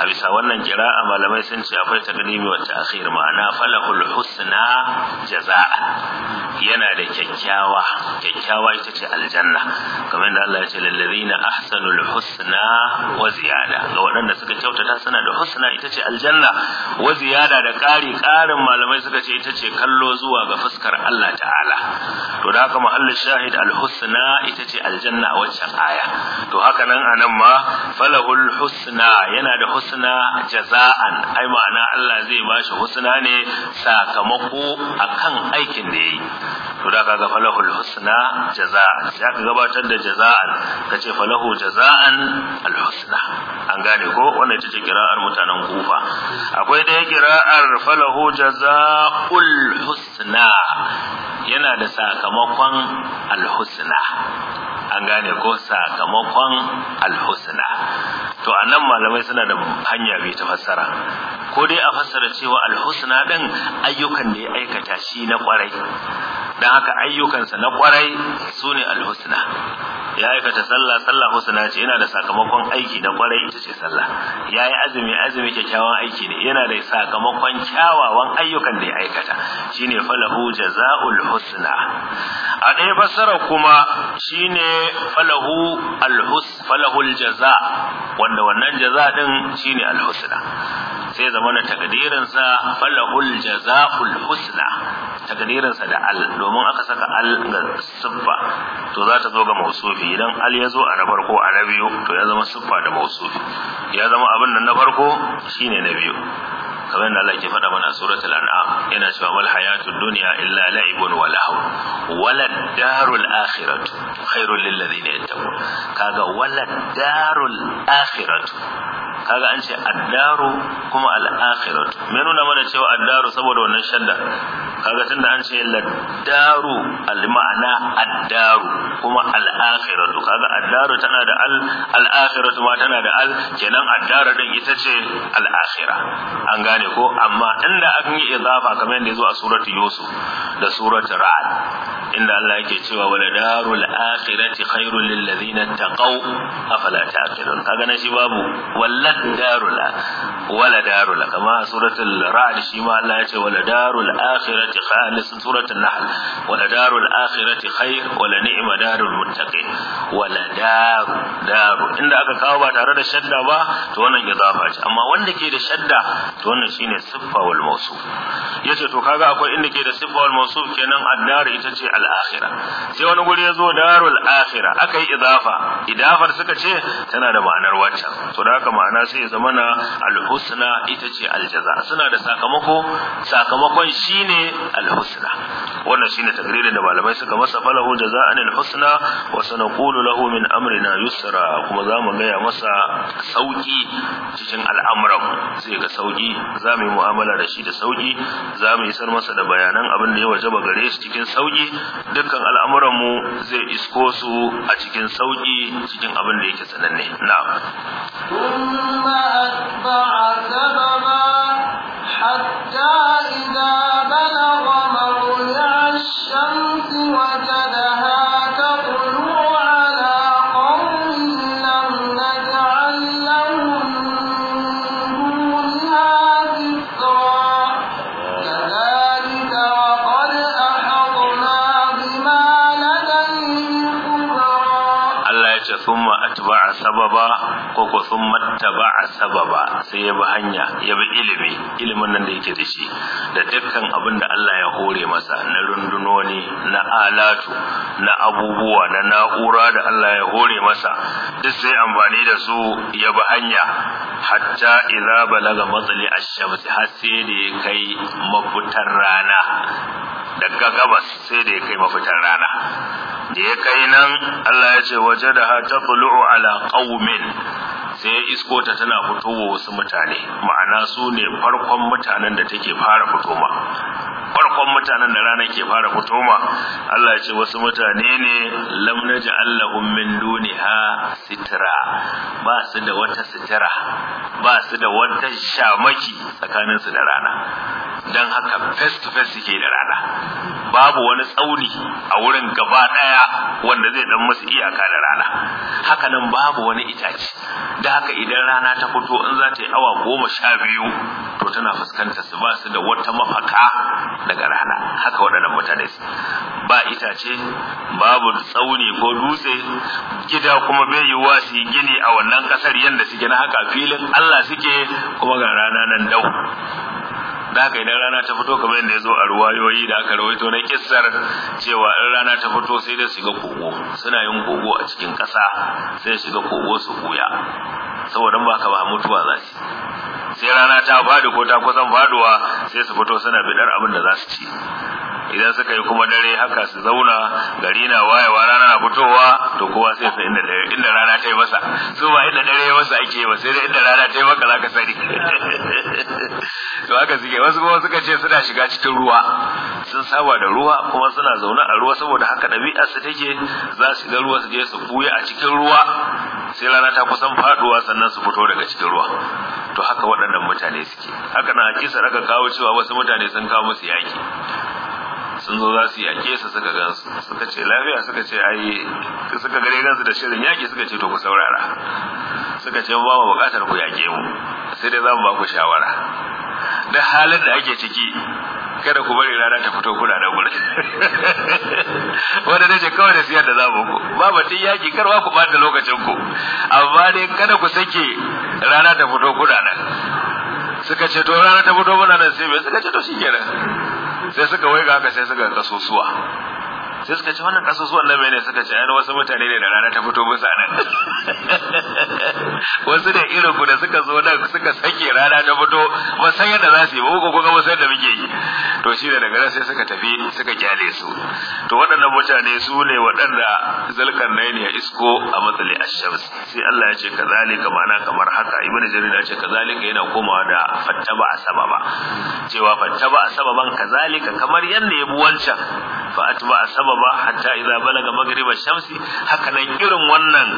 a bisa wannan kira'a malamai sun ce akwai ta wa ta'khir ma'ana falahu alhusna jaza'an yana da kyakkyawa kyakkyawa ita ce aljanna kamar yadda Allah ya ce lillazina ahsanul husna wa ziyada ga waɗanda suka kyautata suna da husna ita ce aljanna wa ziyada da ƙari ƙarin malamai suka ce ita ce kallo zuwa ga fuskar Allah ta'ala to da haka mahallin shahid alhusna ita ce aljanna a waccan aya to haka nan anan ma falahul husna yana da husna jaza'an ai ma'ana Allah zai bashi husna ne sakamako akan aikin da yayi to da kaga falahul husna jazaa sai aka gabatar da jaza'an kace falahu jaza'an al husna an gane ko wannan ita ce kira'ar mutanen kufa akwai da kira'ar falahu jaza'ul husna yana da sakamakon al husna an gane ko sakamakon al husna to anan malamai suna da hanya bai ta fassara ko dai a fassara cewa alhusna ɗin, ayyukan da ya aikata shi na kwarai dan haka ayyukansa na kwarai ne alhusna ya aikata sallah sallah husna ce yana da sakamakon aiki na kwarai ita ce sallah yayi azumi azumi kyakkyawan aiki ne yana da sakamakon kyawawan ayyukan da ya aikata shine falahu jazaul husna a ɗaya fassara kuma shine falahu alhus falahul jaza wanda wannan jaza din shine alhusna sai zama na takdirinsa falahul jaza'ul husna takdirinsa da al domin aka saka al ga siffa to za ta zo ga mausufi idan al ya zo a na farko a na biyu to ya zama siffa da mausufi ya zama abin da na farko shine na biyu kamar yadda Allah ke faɗa mana a suratul an'am yana cewa wal duniya dunya illa la'ibun wa lahu walad darul akhiratu khairul lil ladina yattaqun kaga wala darul akhiratu kaga an ce addaru kuma al akhiratu me nuna mana cewa addaru saboda wannan shadda kaga tunda an ce daru al ma'ana addaru kuma al akhiratu kaga addaru tana da al al akhiratu ma tana da al kenan addaru din ita ce al akhirah an gane gane ko amma inda aka yi idafa kamar yadda yazo a yusuf da suratu ra'd inda Allah yake cewa wala darul akhirati khairul lil ladina taqaw afala taqilun kaga nan shi babu wala darul wala darul kama suratul ra'd shi ma Allah ya ce wala darul akhirati khalis suratul nahl wala darul akhirati khair wala ni'ma darul muttaqin wala daru daru inda aka kawo ba tare da shadda ba to wannan idafa ce amma wanda ke da shadda to wannan shine siffa wal mawsuf yace to kaga akwai inda ke da siffa wal mawsuf kenan ad-dar ita ce al-akhirah sai wani guri yazo darul aka akai idafa idafar suka ce tana da ma'anar wancan to da haka ma'ana sai ya zamana al-husna ita ce al-jaza suna da sakamako sakamakon shine al-husna wannan shine takririn da malamai suka masa falahu jaza'an al-husna wa sanaqulu lahu min amrina yusra kuma zamu gaya masa sauki cikin al'amuran zai ga sauki zamu yi mu'amala da shi da sauki zamu isar masa da bayanan abin da ya wajaba gare shi cikin sauki dukkan al'amuran mu zai isko su a cikin sauki cikin abin da yake sananne na'am thumma atba'a sababa hatta idza bala sun mattaba a sababa sai ya bi hanya ya bi ilimi ilimin nan da yake da shi da dukkan abin da Allah ya hore masa na rundunoni na alatu na abubuwa na na'ura da Allah ya hore masa duk sai amfani da su ya bi hanya hatta idza balaga matsali ash-shams har sai da ya kai mafitar rana daga gabas sai da ya kai mafitar rana da ya kai nan Allah ya ce waje da ha ta ala qaumin sai ya isko ta tana fitowa wasu mutane ma'ana su ne farkon mutanen da take fara fitoma farkon mutanen da rana ke fara fitoma Allah ya ce wasu mutane ne lam naj'alahum min duniha sitra ba su da wata sitira ba su da wata shamaki tsakanin su da rana dan haka face to face suke da rana babu wani tsauni a wurin gaba daya wanda zai dan musu iyaka da rana hakanan babu wani itace da haka idan rana ta fito in za ta yi awa goma sha biyu to tana fuskanta su basu da wata mafaka daga rana haka waɗannan mutane ba itace babu tsauni ko dutse gida kuma bai yiwuwa su gini a wannan ƙasar yadda suke na haka filin Allah suke kuma ga rana nan dau da haka idan rana ta fito kamar yadda ya zo a ruwayoyi da aka rawaito na kissar cewa in rana ta fito sai da shiga kogo suna yin kogo a cikin kasa sai shiga kogo su buya saboda ba ka ba mutuwa za su sai rana ta fadi ko ta kusan faɗuwa sai su fito suna bidar abin da za su ci idan suka yi kuma dare haka su zauna gari na wayewa rana na fitowa to kowa sai sa inda dare inda rana ta yi masa su ba inda dare ya masa ake ba sai dai inda rana ta yi maka zaka sani to haka suke wasu kuma suka ce suna shiga cikin ruwa sun saba da ruwa kuma suna zaune a ruwa saboda haka ɗabi'a su take za su ga ruwa su je su buya a cikin ruwa sai rana ta kusan faduwa sannan su fito daga cikin ruwa to haka waɗannan mutane suke haka na hakisa aka kawo cewa wasu mutane sun kawo musu yaki sun zo za su yi a su suka gansu suka ce lafiya suka ce ai suka gare gansu da shirin yaƙi suka ce to ku saurara suka ce ba mu buƙatar ku yaƙe mu sai dai za mu ba ku shawara da halin da ake ciki kada ku bari rana ta fito kuna da gurin wanda nace kawai da siyar da za mu ku ba batun yaƙi karwa ku ɓata lokacin ku amma dai kada ku sake rana ta fito kuna nan suka ce to rana ta fito muna nan sai me suka ce to kenan sai suka wai haka sai suka kasusuwa sai suka ci wannan kasusuwan na mene suka ci wasu mutane ne da rana ta fito musu nan wasu da irin ku da suka zo rana ta fito ba yadda za su yi ba ko kuma ba san yadda muke yi to shi da daga nan sai suka tafi suka kyale su to waɗannan mutane su ne waɗanda zalkan nai ne isko a matsali ashams sai Allah ya ce kazalika ma'ana kamar haka ibnu jarir ya ce kazalika yana komawa da fattaba sababa cewa fattaba sababan kazalika kamar yadda ya bi wancan fa atba sababa hatta idza balaga maghriba shamsi hakanan irin wannan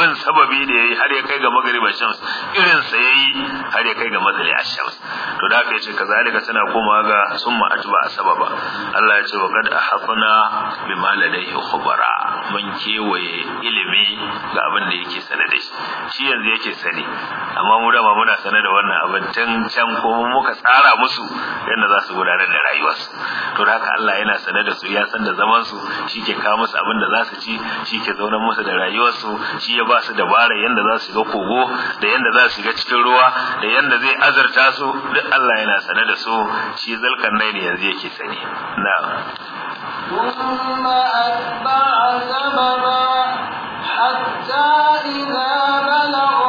bin sababi da yayi har ya kai ga magriba shams irin sa yayi har ya kai ga matsali ashams to da aka ce kazalika suna koma ga summa atba sababa Allah ya ce wa qad ahafna bima ya khubara mun kewaye ilimi ga abin da yake sane da shi shi yanzu yake sani amma mu da muna sane da wannan abin tun can ko muka tsara musu yadda za su gudanar da rayuwarsu to da haka Allah yana sane da su ya san da zaman su shi ke kawo musu abin da za su ci shi ke zaunar musu da rayuwarsu shi ya ba su dabara yanda za su ga kogo da yanda za su ga cikin ruwa da yanda zai azarta su duk Allah yana sane da su shi zalkan nai ne yanzu yake sani na'am حتى إذا بلغ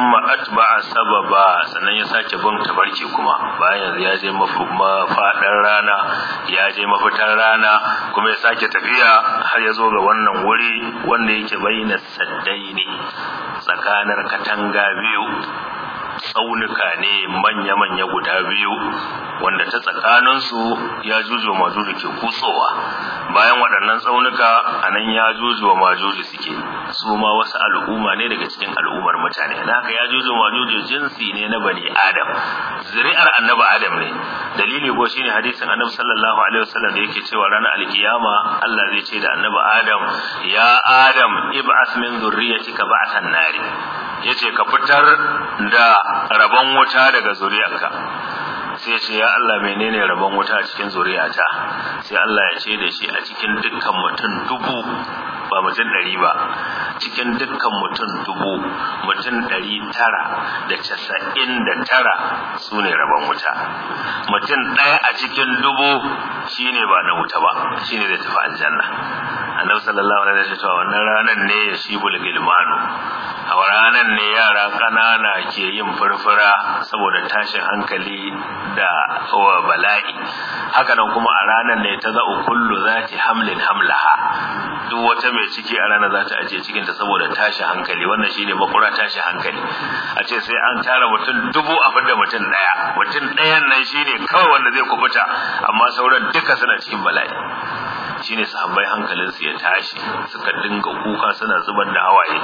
thumma atba'a sababa sannan ya sake bin tabarki kuma bayan ya je mafadan rana ya je mafitar rana kuma ya sake tafiya har ya zo ga wannan wuri wanda yake bayyana saddai ne Tsakanar katanga biyu tsaunuka ne manya-manya guda biyu wanda ta tsakaninsu ya jujuwa majuju ke kusowa, bayan waɗannan tsaunuka a nan ya jujuwa majuju suke su ma wasu al'umma ne daga cikin al'ummar mutane da haka ya juju jinsi ne na bani adam zuri'ar annabi adam ne dalili ko shine hadisin annabi sallallahu alaihi wasallam da yake cewa ranar alkiyama Allah zai ce da annabi adam ya adam ib'as min zurriyatika ba'than nari yace ka fitar da rabon wuta daga zuriyarka sai ce ya Allah menene rabon wuta a cikin zuriyata sai Allah ya ce da shi a cikin dukkan mutum dubu ba mutum ɗari ba cikin dukkan mutum dubu mutum ɗari tara da casa'in da tara su ne rabon wuta mutum ɗaya a cikin dubu shi ne ba na wuta ba shi ne da tafi aljanna annabi sallallahu alaihi wasallam cewa wannan ranar ne ya shibul manu a ranar ne yara ƙanana ke yin furfura saboda tashin hankali da wa bala'i haka nan kuma a ranar ne ta za'u kullu ta hamlin hamlaha duk wata mai ciki a ranar za ta ajiye cikin ta saboda tashi hankali wannan shine makura tashi hankali a ce sai an tara mutum dubu a da mutum daya mutum dayan nan shine kawai wanda zai kubuta amma sauran duka suna cikin bala'i shine sahabbai hankalinsu ya tashi suka dinga kuka suna zubar da hawaye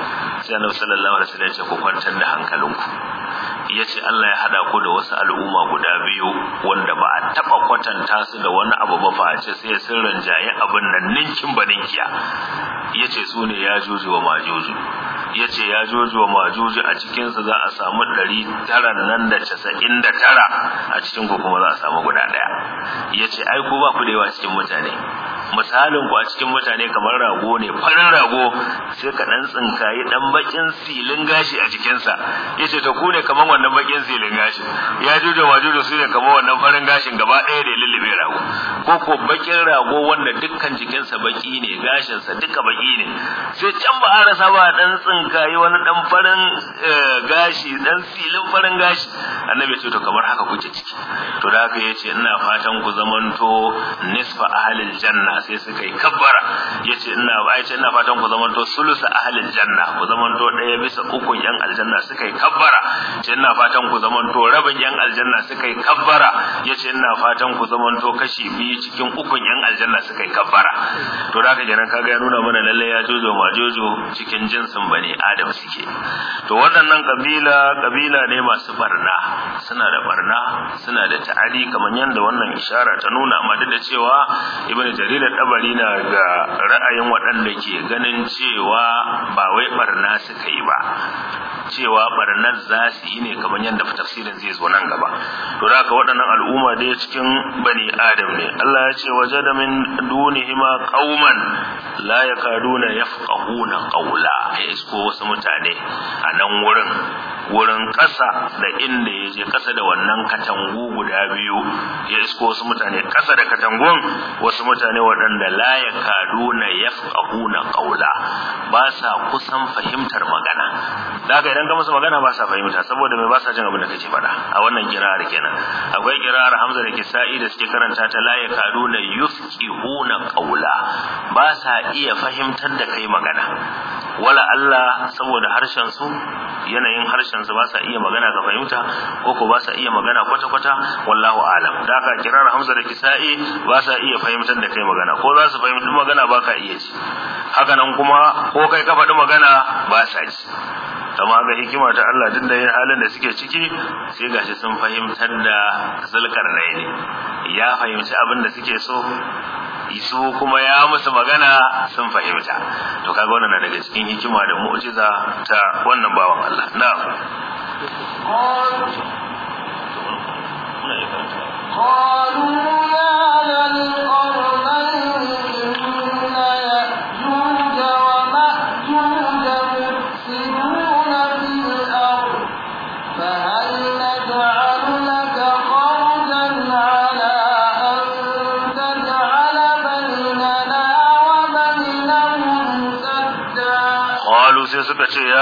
sai annabi sallallahu alaihi wasallam ya ce ku kwantar da hankalinku ya Allah ya hada ku da wasu al'umma guda biyu wanda ba a taba kwatanta su da wani abu ba face sai ya sirrin abin nan ninkin ba ninkiya ya ce su ne ya juju wa majuju ya ya juju wa majuju a cikinsu za a samu ɗari tara nan da casa'in da tara a cikin ku kuma za a samu guda ɗaya yace ce ai ku ba ku da yawa cikin mutane misalin ku a cikin mutane kamar rago ne farin rago sai ka dan tsinkayi dan bakin silin gashi a jikinsa yace to ku ne kamar wannan bakin silin gashi ya ma majuju su ne kamar wannan farin gashin gaba ɗaya da lullube rago ko ko bakin rago wanda dukkan jikinsa baki ne gashinsa duka baki ne sai can ba a rasa ba dan tsinkayi wani dan farin eh, gashi dan silin farin gashi annabi ce to kamar haka kuke ciki to da haka yace ina fatan ku zamanto nisfa ahlil janna sai suka yi kabbara yace ina ce ina fatan ku zamanto sulusa ahlil janna ku zamanto daya bisa uku yan aljanna suka yi kabbara ce ina fatan ku zamanto rabin yan aljanna suka yi kabbara yace ina fatan ku zamanto kashi biyu cikin ukun yan aljanna suka yi kabbara to da haka kenan kaga ya nuna mana lalle ya jojo ma jojo cikin jinsin bani adam suke to waɗannan kabila kabila ne masu barna suna da barna suna da ta'adi kamar yadda wannan ishara ta nuna amma duk da cewa ibnu jarir da tabari na ga ra'ayin waɗanda ke ganin cewa ba wai barna suka yi ba cewa barnar za su yi ne kamar yadda tafsirin zai zo nan gaba to da waɗannan al'umma dai cikin bani adam ne Allah ya ce waje da min dunihima qauman la yakaduna yafqahuna qawla ya isko wasu mutane a nan wurin wurin ƙasa da inda ya je ƙasa da wannan katangu guda biyu ya isko wasu mutane ƙasa da katangun wasu mutane wa waɗanda la ya kaduna na ƙaula, ba sa kusan fahimtar magana Da daga idan ka masu magana ba sa fahimta saboda mai ba sa jin abin da kake faɗa a wannan kirar kenan akwai kirar Hamza da Kisa'i da suke karanta ta la ya kaduna na ƙaula, ba sa iya fahimtar da kai magana wala Allah saboda harshen su yanayin harshen su ba sa iya magana ga fahimta ko ko ba sa iya magana kwata kwata wallahu alam daga kirar Hamza da Kisa'i ba sa iya fahimtar da kai magana magana ko za su fahimci magana ba ka iya ji haka nan kuma ko kai ka faɗi magana ba sa ji amma ga hikima ta Allah duk da halin da suke ciki sai gashi sun fahimtar da zulkar ne ya fahimci abin da suke so isu kuma ya musu magana sun fahimta to kaga wannan na daga cikin hikima da mu'jiza ta wannan bawan Allah na'am قالوا يا ذا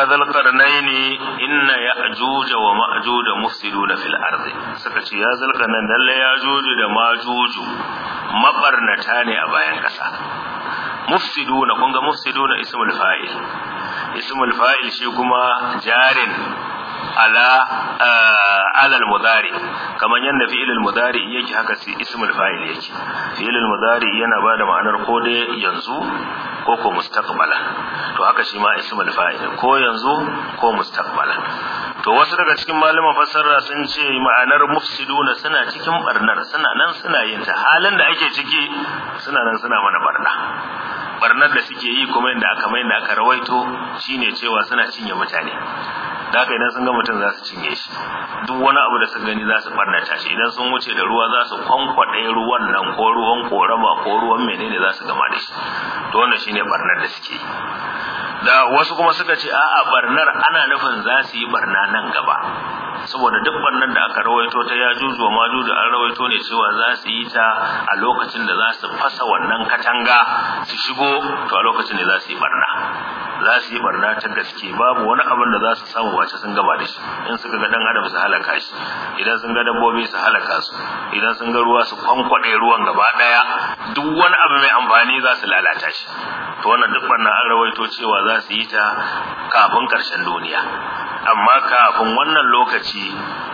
ya zal qarnaini inna ya'juj wa ma'juj mufsiduna fil ardi ya zal qarnan lalle ya'juj da ma'juj mabarnata ne a bayan kasa mufsiduna kun ga mufsiduna ismul fa'il ismul fa'il shi kuma jarin alal mudari kamar yadda fi'ilul mudari yake haka sai ismul fa'il yake fi'ilul mudari yana ba da ma'anar ko dai yanzu ko ko mustaqbala to haka shi ma ismul fa'il ko yanzu ko mustaqbala to wasu daga cikin malaman fassara sun ce ma'anar mufsiduna suna cikin barnar suna nan suna yin ta halin da ake ciki suna nan suna mana barna barnar da suke yi kuma inda aka mai da aka rawaito shine cewa suna cinye mutane da haka idan sun ga mutum za su cinye shi duk wani abu da sun gani za su barnata shi idan sun wuce da ruwa za su kwankwaɗe ruwan nan ko ruwan korama ko ruwan menene za su gama da shi to wannan shine barnar da suke yi da wasu kuma suka ce a'a barnar ana nufin za su yi barna nan gaba saboda duk barnar da aka rawaito ta ya yajuju wa da an rawaito ne cewa za su yi ta a lokacin da za su fasa wannan katanga su shigo to a lokacin ne za su yi barna za su yi barna ta gaske babu wani abin da za su samu wace sun gaba da shi in suka ga dan adam su halaka shi idan sun ga dabbobi su halaka su idan sun ga ruwa su kwankwaɗe ruwan gaba ɗaya duk wani abu mai amfani za su lalata shi to wannan duk barna an rawaito cewa za su yi ta kafin ƙarshen duniya amma kafin wannan lokaci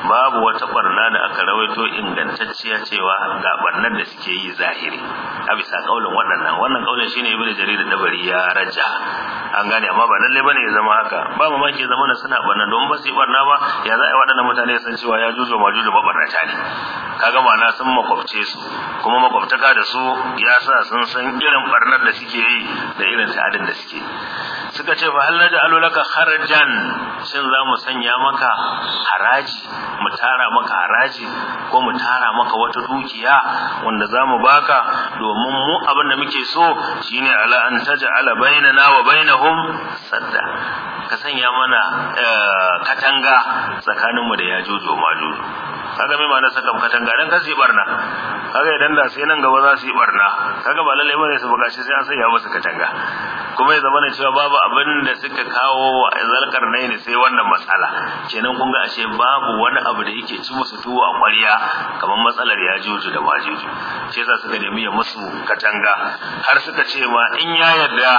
babu wata barna da aka rawaito ingantacciya cewa ga ɓarnar da suke yi zahiri a bisa kaulin waɗannan wannan kaulin shine ibnu jarir bari ya raja an gane amma ba lalle bane ya zama haka ba maki zama na suna barna don ba su yi barna ba ya za a yi waɗannan mutane san cewa ya juzo ma juzo ba barna ta ne kaga ma'ana sun makwabce su kuma makwabtaka da su ya sa sun san irin barnar da suke yi da irin sa'adin da suke suka ce fa halaja alulaka kharajan shin za mu sanya maka haraji mu tara maka haraji ko mu tara maka wata dukiya wanda za mu baka domin mu abin da muke so shine ala an taj'ala bainana wa bainahum sadda ka sanya mana eh, katanga tsakaninmu da yajuju majuju kaga mai ma'ana saka katanga dan kasi barna kaga idan da sai nan gaba za su yi barna kaga ba lalle bane su bukaci sai an sanya masa katanga kuma ya zama ne cewa babu abin da suka kawo wa zalkar ne sai wannan matsala kenan kun ga ashe babu wani abu da yake ci musu tuwo a ƙwarya kamar matsalar ya juju da majuju shi yasa suka nemi ya musu katanga har suka ce ma in ya yarda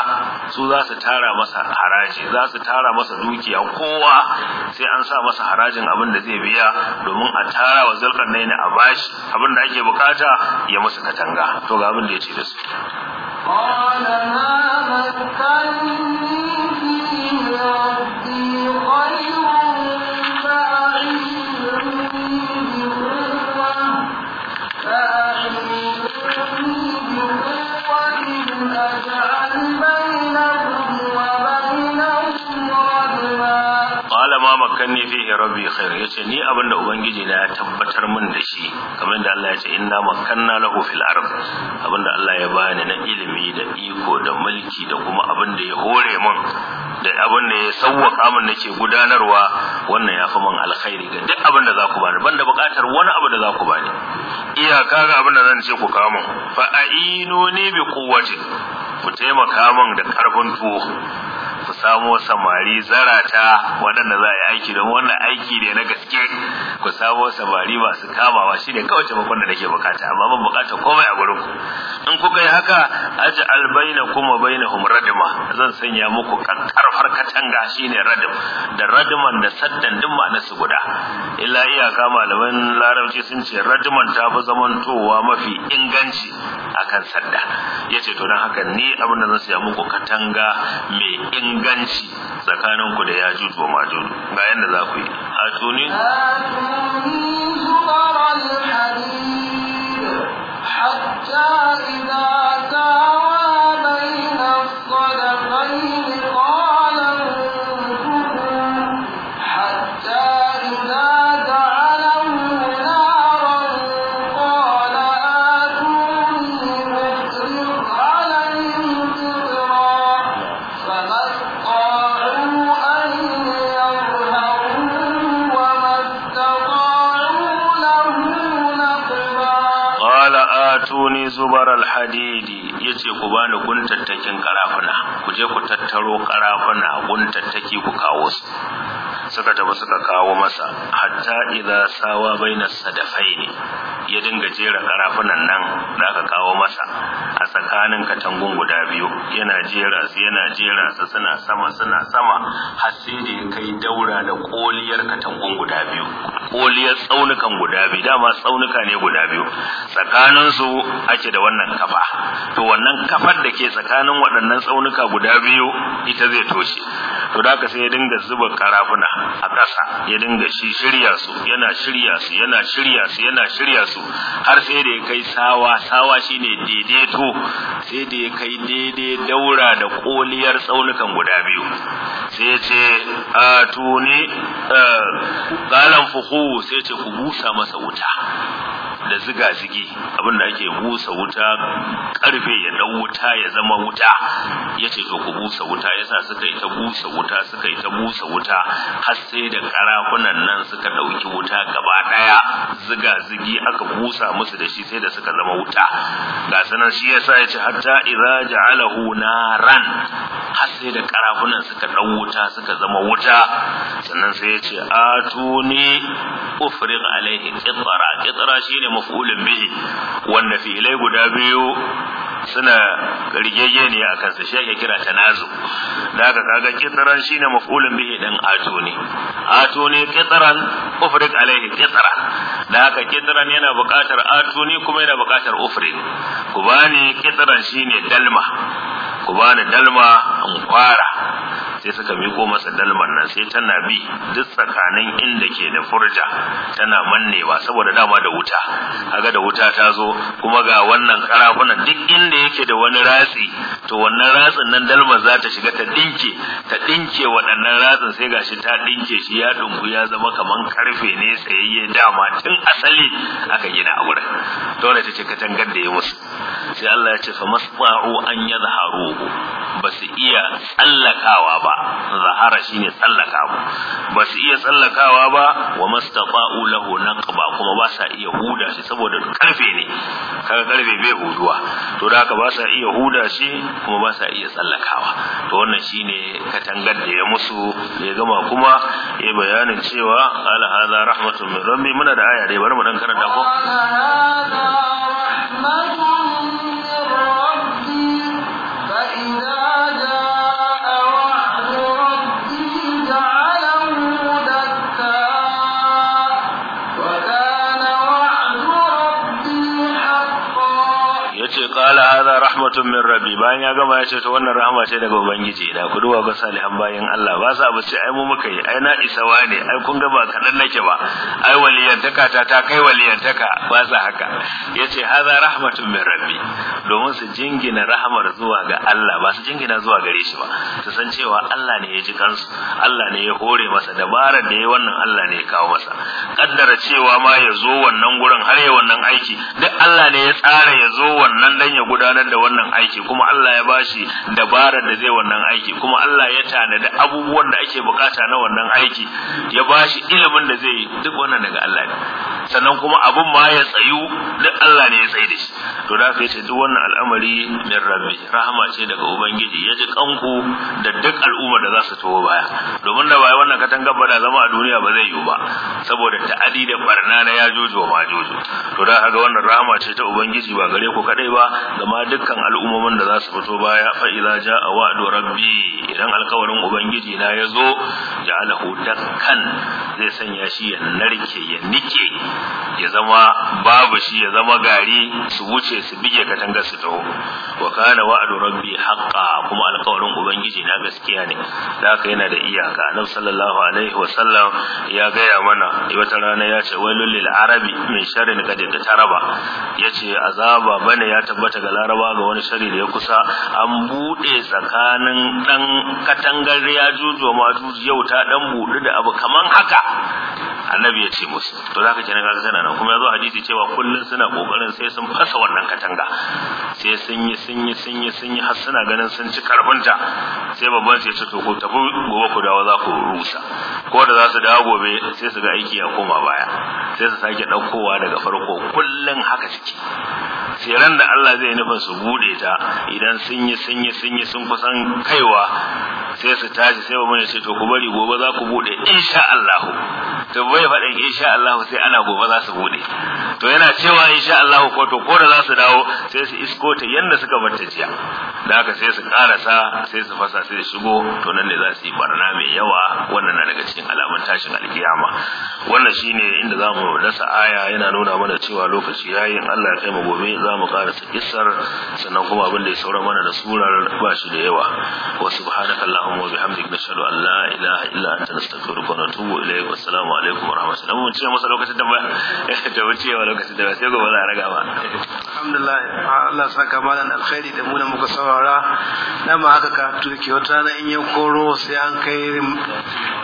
su za su tara masa haraji za su tara masa dukiya kowa sai an sa masa harajin abin da zai biya domin a tara wa zalkar ne a bashi abin da ake bukata ya musu katanga to ga abin da ya ce da su قال ما makanni fihi rabbi khair yace ni abinda ubangiji na ya tabbatar min da shi kamar da Allah ya ce inna makanna lahu fil ard abinda Allah ya bani na ilimi da iko da mulki da kuma abinda ya hore min da abinda ya sawwaka min nake gudanarwa wannan ya fi min alkhairi ga duk abinda za ku bani banda buƙatar wani abu da za ku bani iyaka ga abinda zan ce ku kawo min fa bi quwwati ku taimaka min da karfin tuwo samo samari zarata waɗanda za a yi aiki don wannan aiki ne na gaske ku samo samari masu kamawa shi ne kawace taimakon da nake bukata amma ban bukata komai a gurin ku in ku kai haka albaina kuma baina hum radima, zan sanya muku karfar katanga shine radim da radiman da saddan din ma su guda illa iyaka malaman larabci sun ce radiman ta fi zamantowa mafi inganci akan sadda yace to dan haka ni abin da zan saya muku katanga mai inganci tsakaninku da ya wa majuju ga yanda za ku yi a tuni زمر الحرير حتى إذا ya yace ku bani guntattakin karafuna ku je ku tattaro karafuna guntattaki ku kawo su suka tafi suka kawo masa hatta idza sawa baina sadafaini ya dinga jera karafunan nan da aka kawo masa a tsakanin katangun guda biyu yana jera su yana jera su suna sama suna sama har sai da kai daura da koliyar katangun guda biyu koliyar tsaunukan guda biyu dama tsaunuka ne guda biyu tsakaninsu ake da wannan kafa to wannan kafar da ke tsakanin waɗannan tsaunuka guda biyu ita zai toshe to da ka sai ya dinga zuba karafuna a ƙasa ya dinga shi shirya su yana shirya su yana shirya su yana shirya su har sai da ya kai sawa sawa shine daidaito sai da ya kai daidai daura da koliyar tsaunukan guda biyu sai ya ce a tuni eh, ƙalan fuhu sai ce ku busa masa wuta da ziga-zigi abin da ake busa wuta karfe ya dau wuta ya zama wuta ya ce to ku busa wuta yasa sa suka yi ta busa wuta suka yi ta busa wuta har sai da karafunan nan suka ɗauki wuta gaba ɗaya ziga-zigi aka busa musu da shi sai da suka zama wuta ga sanar shi yasa ya ce hatta idza ja'alahu naran har sai da karafunan suka ɗau wuta suka zama wuta sannan sai ya ce atuni ufrig alaihi qitra qitra shine maf'ulun bihi wanda fi'ilai guda biyu suna ne a kansa shi ake kira tanazu da haka kaga kitran shine maf'ulun bihi din ato ne ato ne kitran ufrik alaihi kitra da yana buƙatar ato ne kuma yana buƙatar ufrik ku bani kitran shine dalma ku bani dalma in kwara sai suka miko masa dalmar nan sai tana bi duk tsakanin inda ke da furja tana mannewa saboda dama da wuta kaga da wuta ta zo kuma ga wannan karafunan duk inda yake da wani ratsi to wannan ratsin nan dalmar za ta shiga ta dinke ta dinke waɗannan ratsin sai gashi ta dinke shi ya dungu ya zama kamar karfe ne tsayayye dama tun asali aka gina a wurin dole ta ce katangar da ya musu sai Allah ya ce fa masba'u an yadharuhu ba su iya tsallakawa ba zahara ne tsallakawa ba su iya tsallakawa ba wa mastata'u lahu naqba kuma ba sa iya huda shi saboda karfe ne kaga karfe bai huduwa to da haka ba sa iya huda shi kuma ba sa iya tsallakawa to wannan shi ne katangar da ya musu ya gama kuma ya bayanin cewa ala hadha rahmatun min rabbi muna da aya dai bari mu dan karanta ko rahmatun min rabbi bayan ya gama ya ce to wannan rahama ce daga ubangiji da ku duwa ga salihan bayan Allah ba sa bace ai mu muka yi ai na isa ne ai kun ga ba kadan nake ba ai waliyantaka ta ta kai waliyantaka ba sa haka yace hadha rahmatun min rabbi domin su jingina rahamar zuwa ga Allah ba su jingina zuwa gare shi ba su san cewa Allah ne ya ji kansu Allah ne ya hore masa dabarar da ya wannan Allah ne ya kawo masa kaddara cewa ma ya zo wannan gurin har ya wannan aiki duk Allah ne ya tsara ya zo wannan dan ya gudanar da wannan aiki kuma Allah ya bashi dabarar da zai wannan aiki kuma Allah ya tanada abubuwan da ake bukata na wannan aiki ya bashi ilimin da zai yi duk wannan daga Allah ne sannan kuma abun ma ya tsayu duk Allah ne ya tsaye da shi to da haka duk wannan al'amari min rabbi rahama ce daga ubangiji ya ji kanku da duk al'umma da za su taho baya domin da bai wannan katanga ba da zama a duniya ba zai yiwu ba saboda ta'adi da barna na ya jojo ma jojo to da haka wannan rahama ce ta ubangiji ba gare ku kadai ba gama dukkan al'ummomin da za su fito baya fa idza jaa wa'du rabbi idan alkawarin ubangiji na ya zo ja'alahu dakkan zai sanya shi ya narke ya nike ya zama babu shi ya zama gari su wuce su bige katangar su taho wa kana wa'du rabbi haqqa kuma alƙawarin ubangiji na gaskiya ne da haka yana da iyaka annab sallallahu alaihi wa sallam ya gaya mana wata rana ya ce wailul lil arabi min sharrin qad taraba yace azaba bane ya tabbata ga laraba ga wani shari da ya kusa an bude tsakanin dan katangar ya juju ma juju yau ta dan budu da abu kaman haka annabi ya ce musu to zaka kenan kaga tana nan kuma yazo hadisi cewa kullun suna kokarin sai sun fasa wannan katanga sai sun yi sun yi sun yi sun yi har suna ganin sun ci karfinta sai babban sai ce to ku tafi gobe ku dawo za ku rusa ko da za su dawo gobe sai su ga aiki ya koma baya sai su sake daukowa daga farko kullun haka suke sai ran da Allah zai nufin su bude ta idan sun yi sun yi sun yi sun kusan kaiwa sai su tashi sai babban ya ce to ku bari gobe za ku bude insha Allah to bai faɗin insha Allah sai ana gobe za su bude to yana cewa insha Allah ko to ko da za su dawo sai su isko ta yanda suka barta jiya da haka sai su karasa sai su fasa sai su shigo to nan ne za su yi barna mai yawa wannan na daga cikin alamun tashin alkiyama wannan shine inda za mu dasa aya yana nuna mana cewa lokaci yayi in Allah ya kai mu gobe za mu karasa kissar sannan kuma abin da ya saura mana da surar ba shi da yawa wa subhanaka allahumma wa bihamdika nashhadu an la ilaha illa anta nastaghfiruka wa natubu ilayk wa assalamu alaikum wa rahmatullahi wa barakatuh mun masa lokacin tambaya da wucewa lokacin da sai gobe za a raga ba alhamdulillah Allah saka malam alkhairi da mu da muka saurara ma haka ka ke wata na in ya koro sai an kai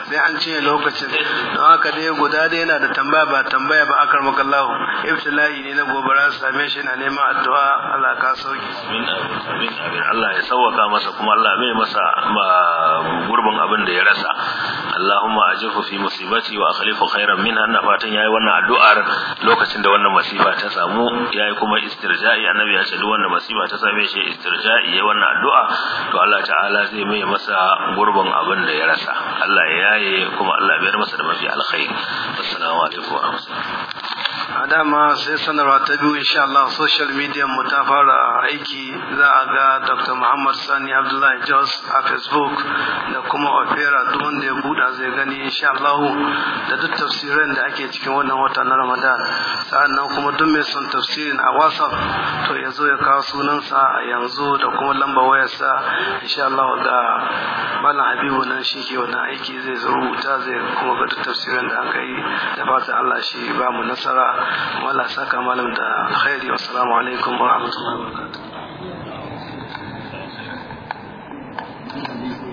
sai an ce lokacin don haka dai guda dai yana da tambaya ba tambaya ba akar makallahu ibtila'i ne na gobara su same shi na neman addu'a Allah ka sauki Allah ya sauwaka masa kuma Allah mai masa gurbin abin da ya rasa Allahumma ajirhu fi musibati wa akhlifu khairan minha na fatan yayi wannan addu'ar lokacin da wannan masifa ta samu yayi kuma istirja'i annabi ya ce duk wannan masifa ta same shi istirja'i yayi wannan addu'a to Allah ta'ala zai mai masa gurbin abin da ya rasa Allah ya yaye kuma Allah bayar masa da mafi alkhairi assalamu alaikum wa rahmatullahi a dama sai sanarwa ta biyu insha Allah social media mu ta fara aiki za a ga Dr. Muhammad Sani Abdullahi Jos a Facebook da kuma Opera duk wanda ya buɗa zai gani insha Allah da duk tafsirin da ake cikin wannan wata na Ramadan sa'annan kuma duk mai son tafsirin a WhatsApp to ya zo ya kawo sunansa a yanzu da kuma lamba wayarsa insha Allah ga Malam Habibu nan shi ke wannan aiki zai zo rubuta zai kuma ga duk tafsirin da aka yi da fatan Allah shi ba mu nasara ولا ساك مالم دا خيري والسلام عليكم ورحمة الله وبركاته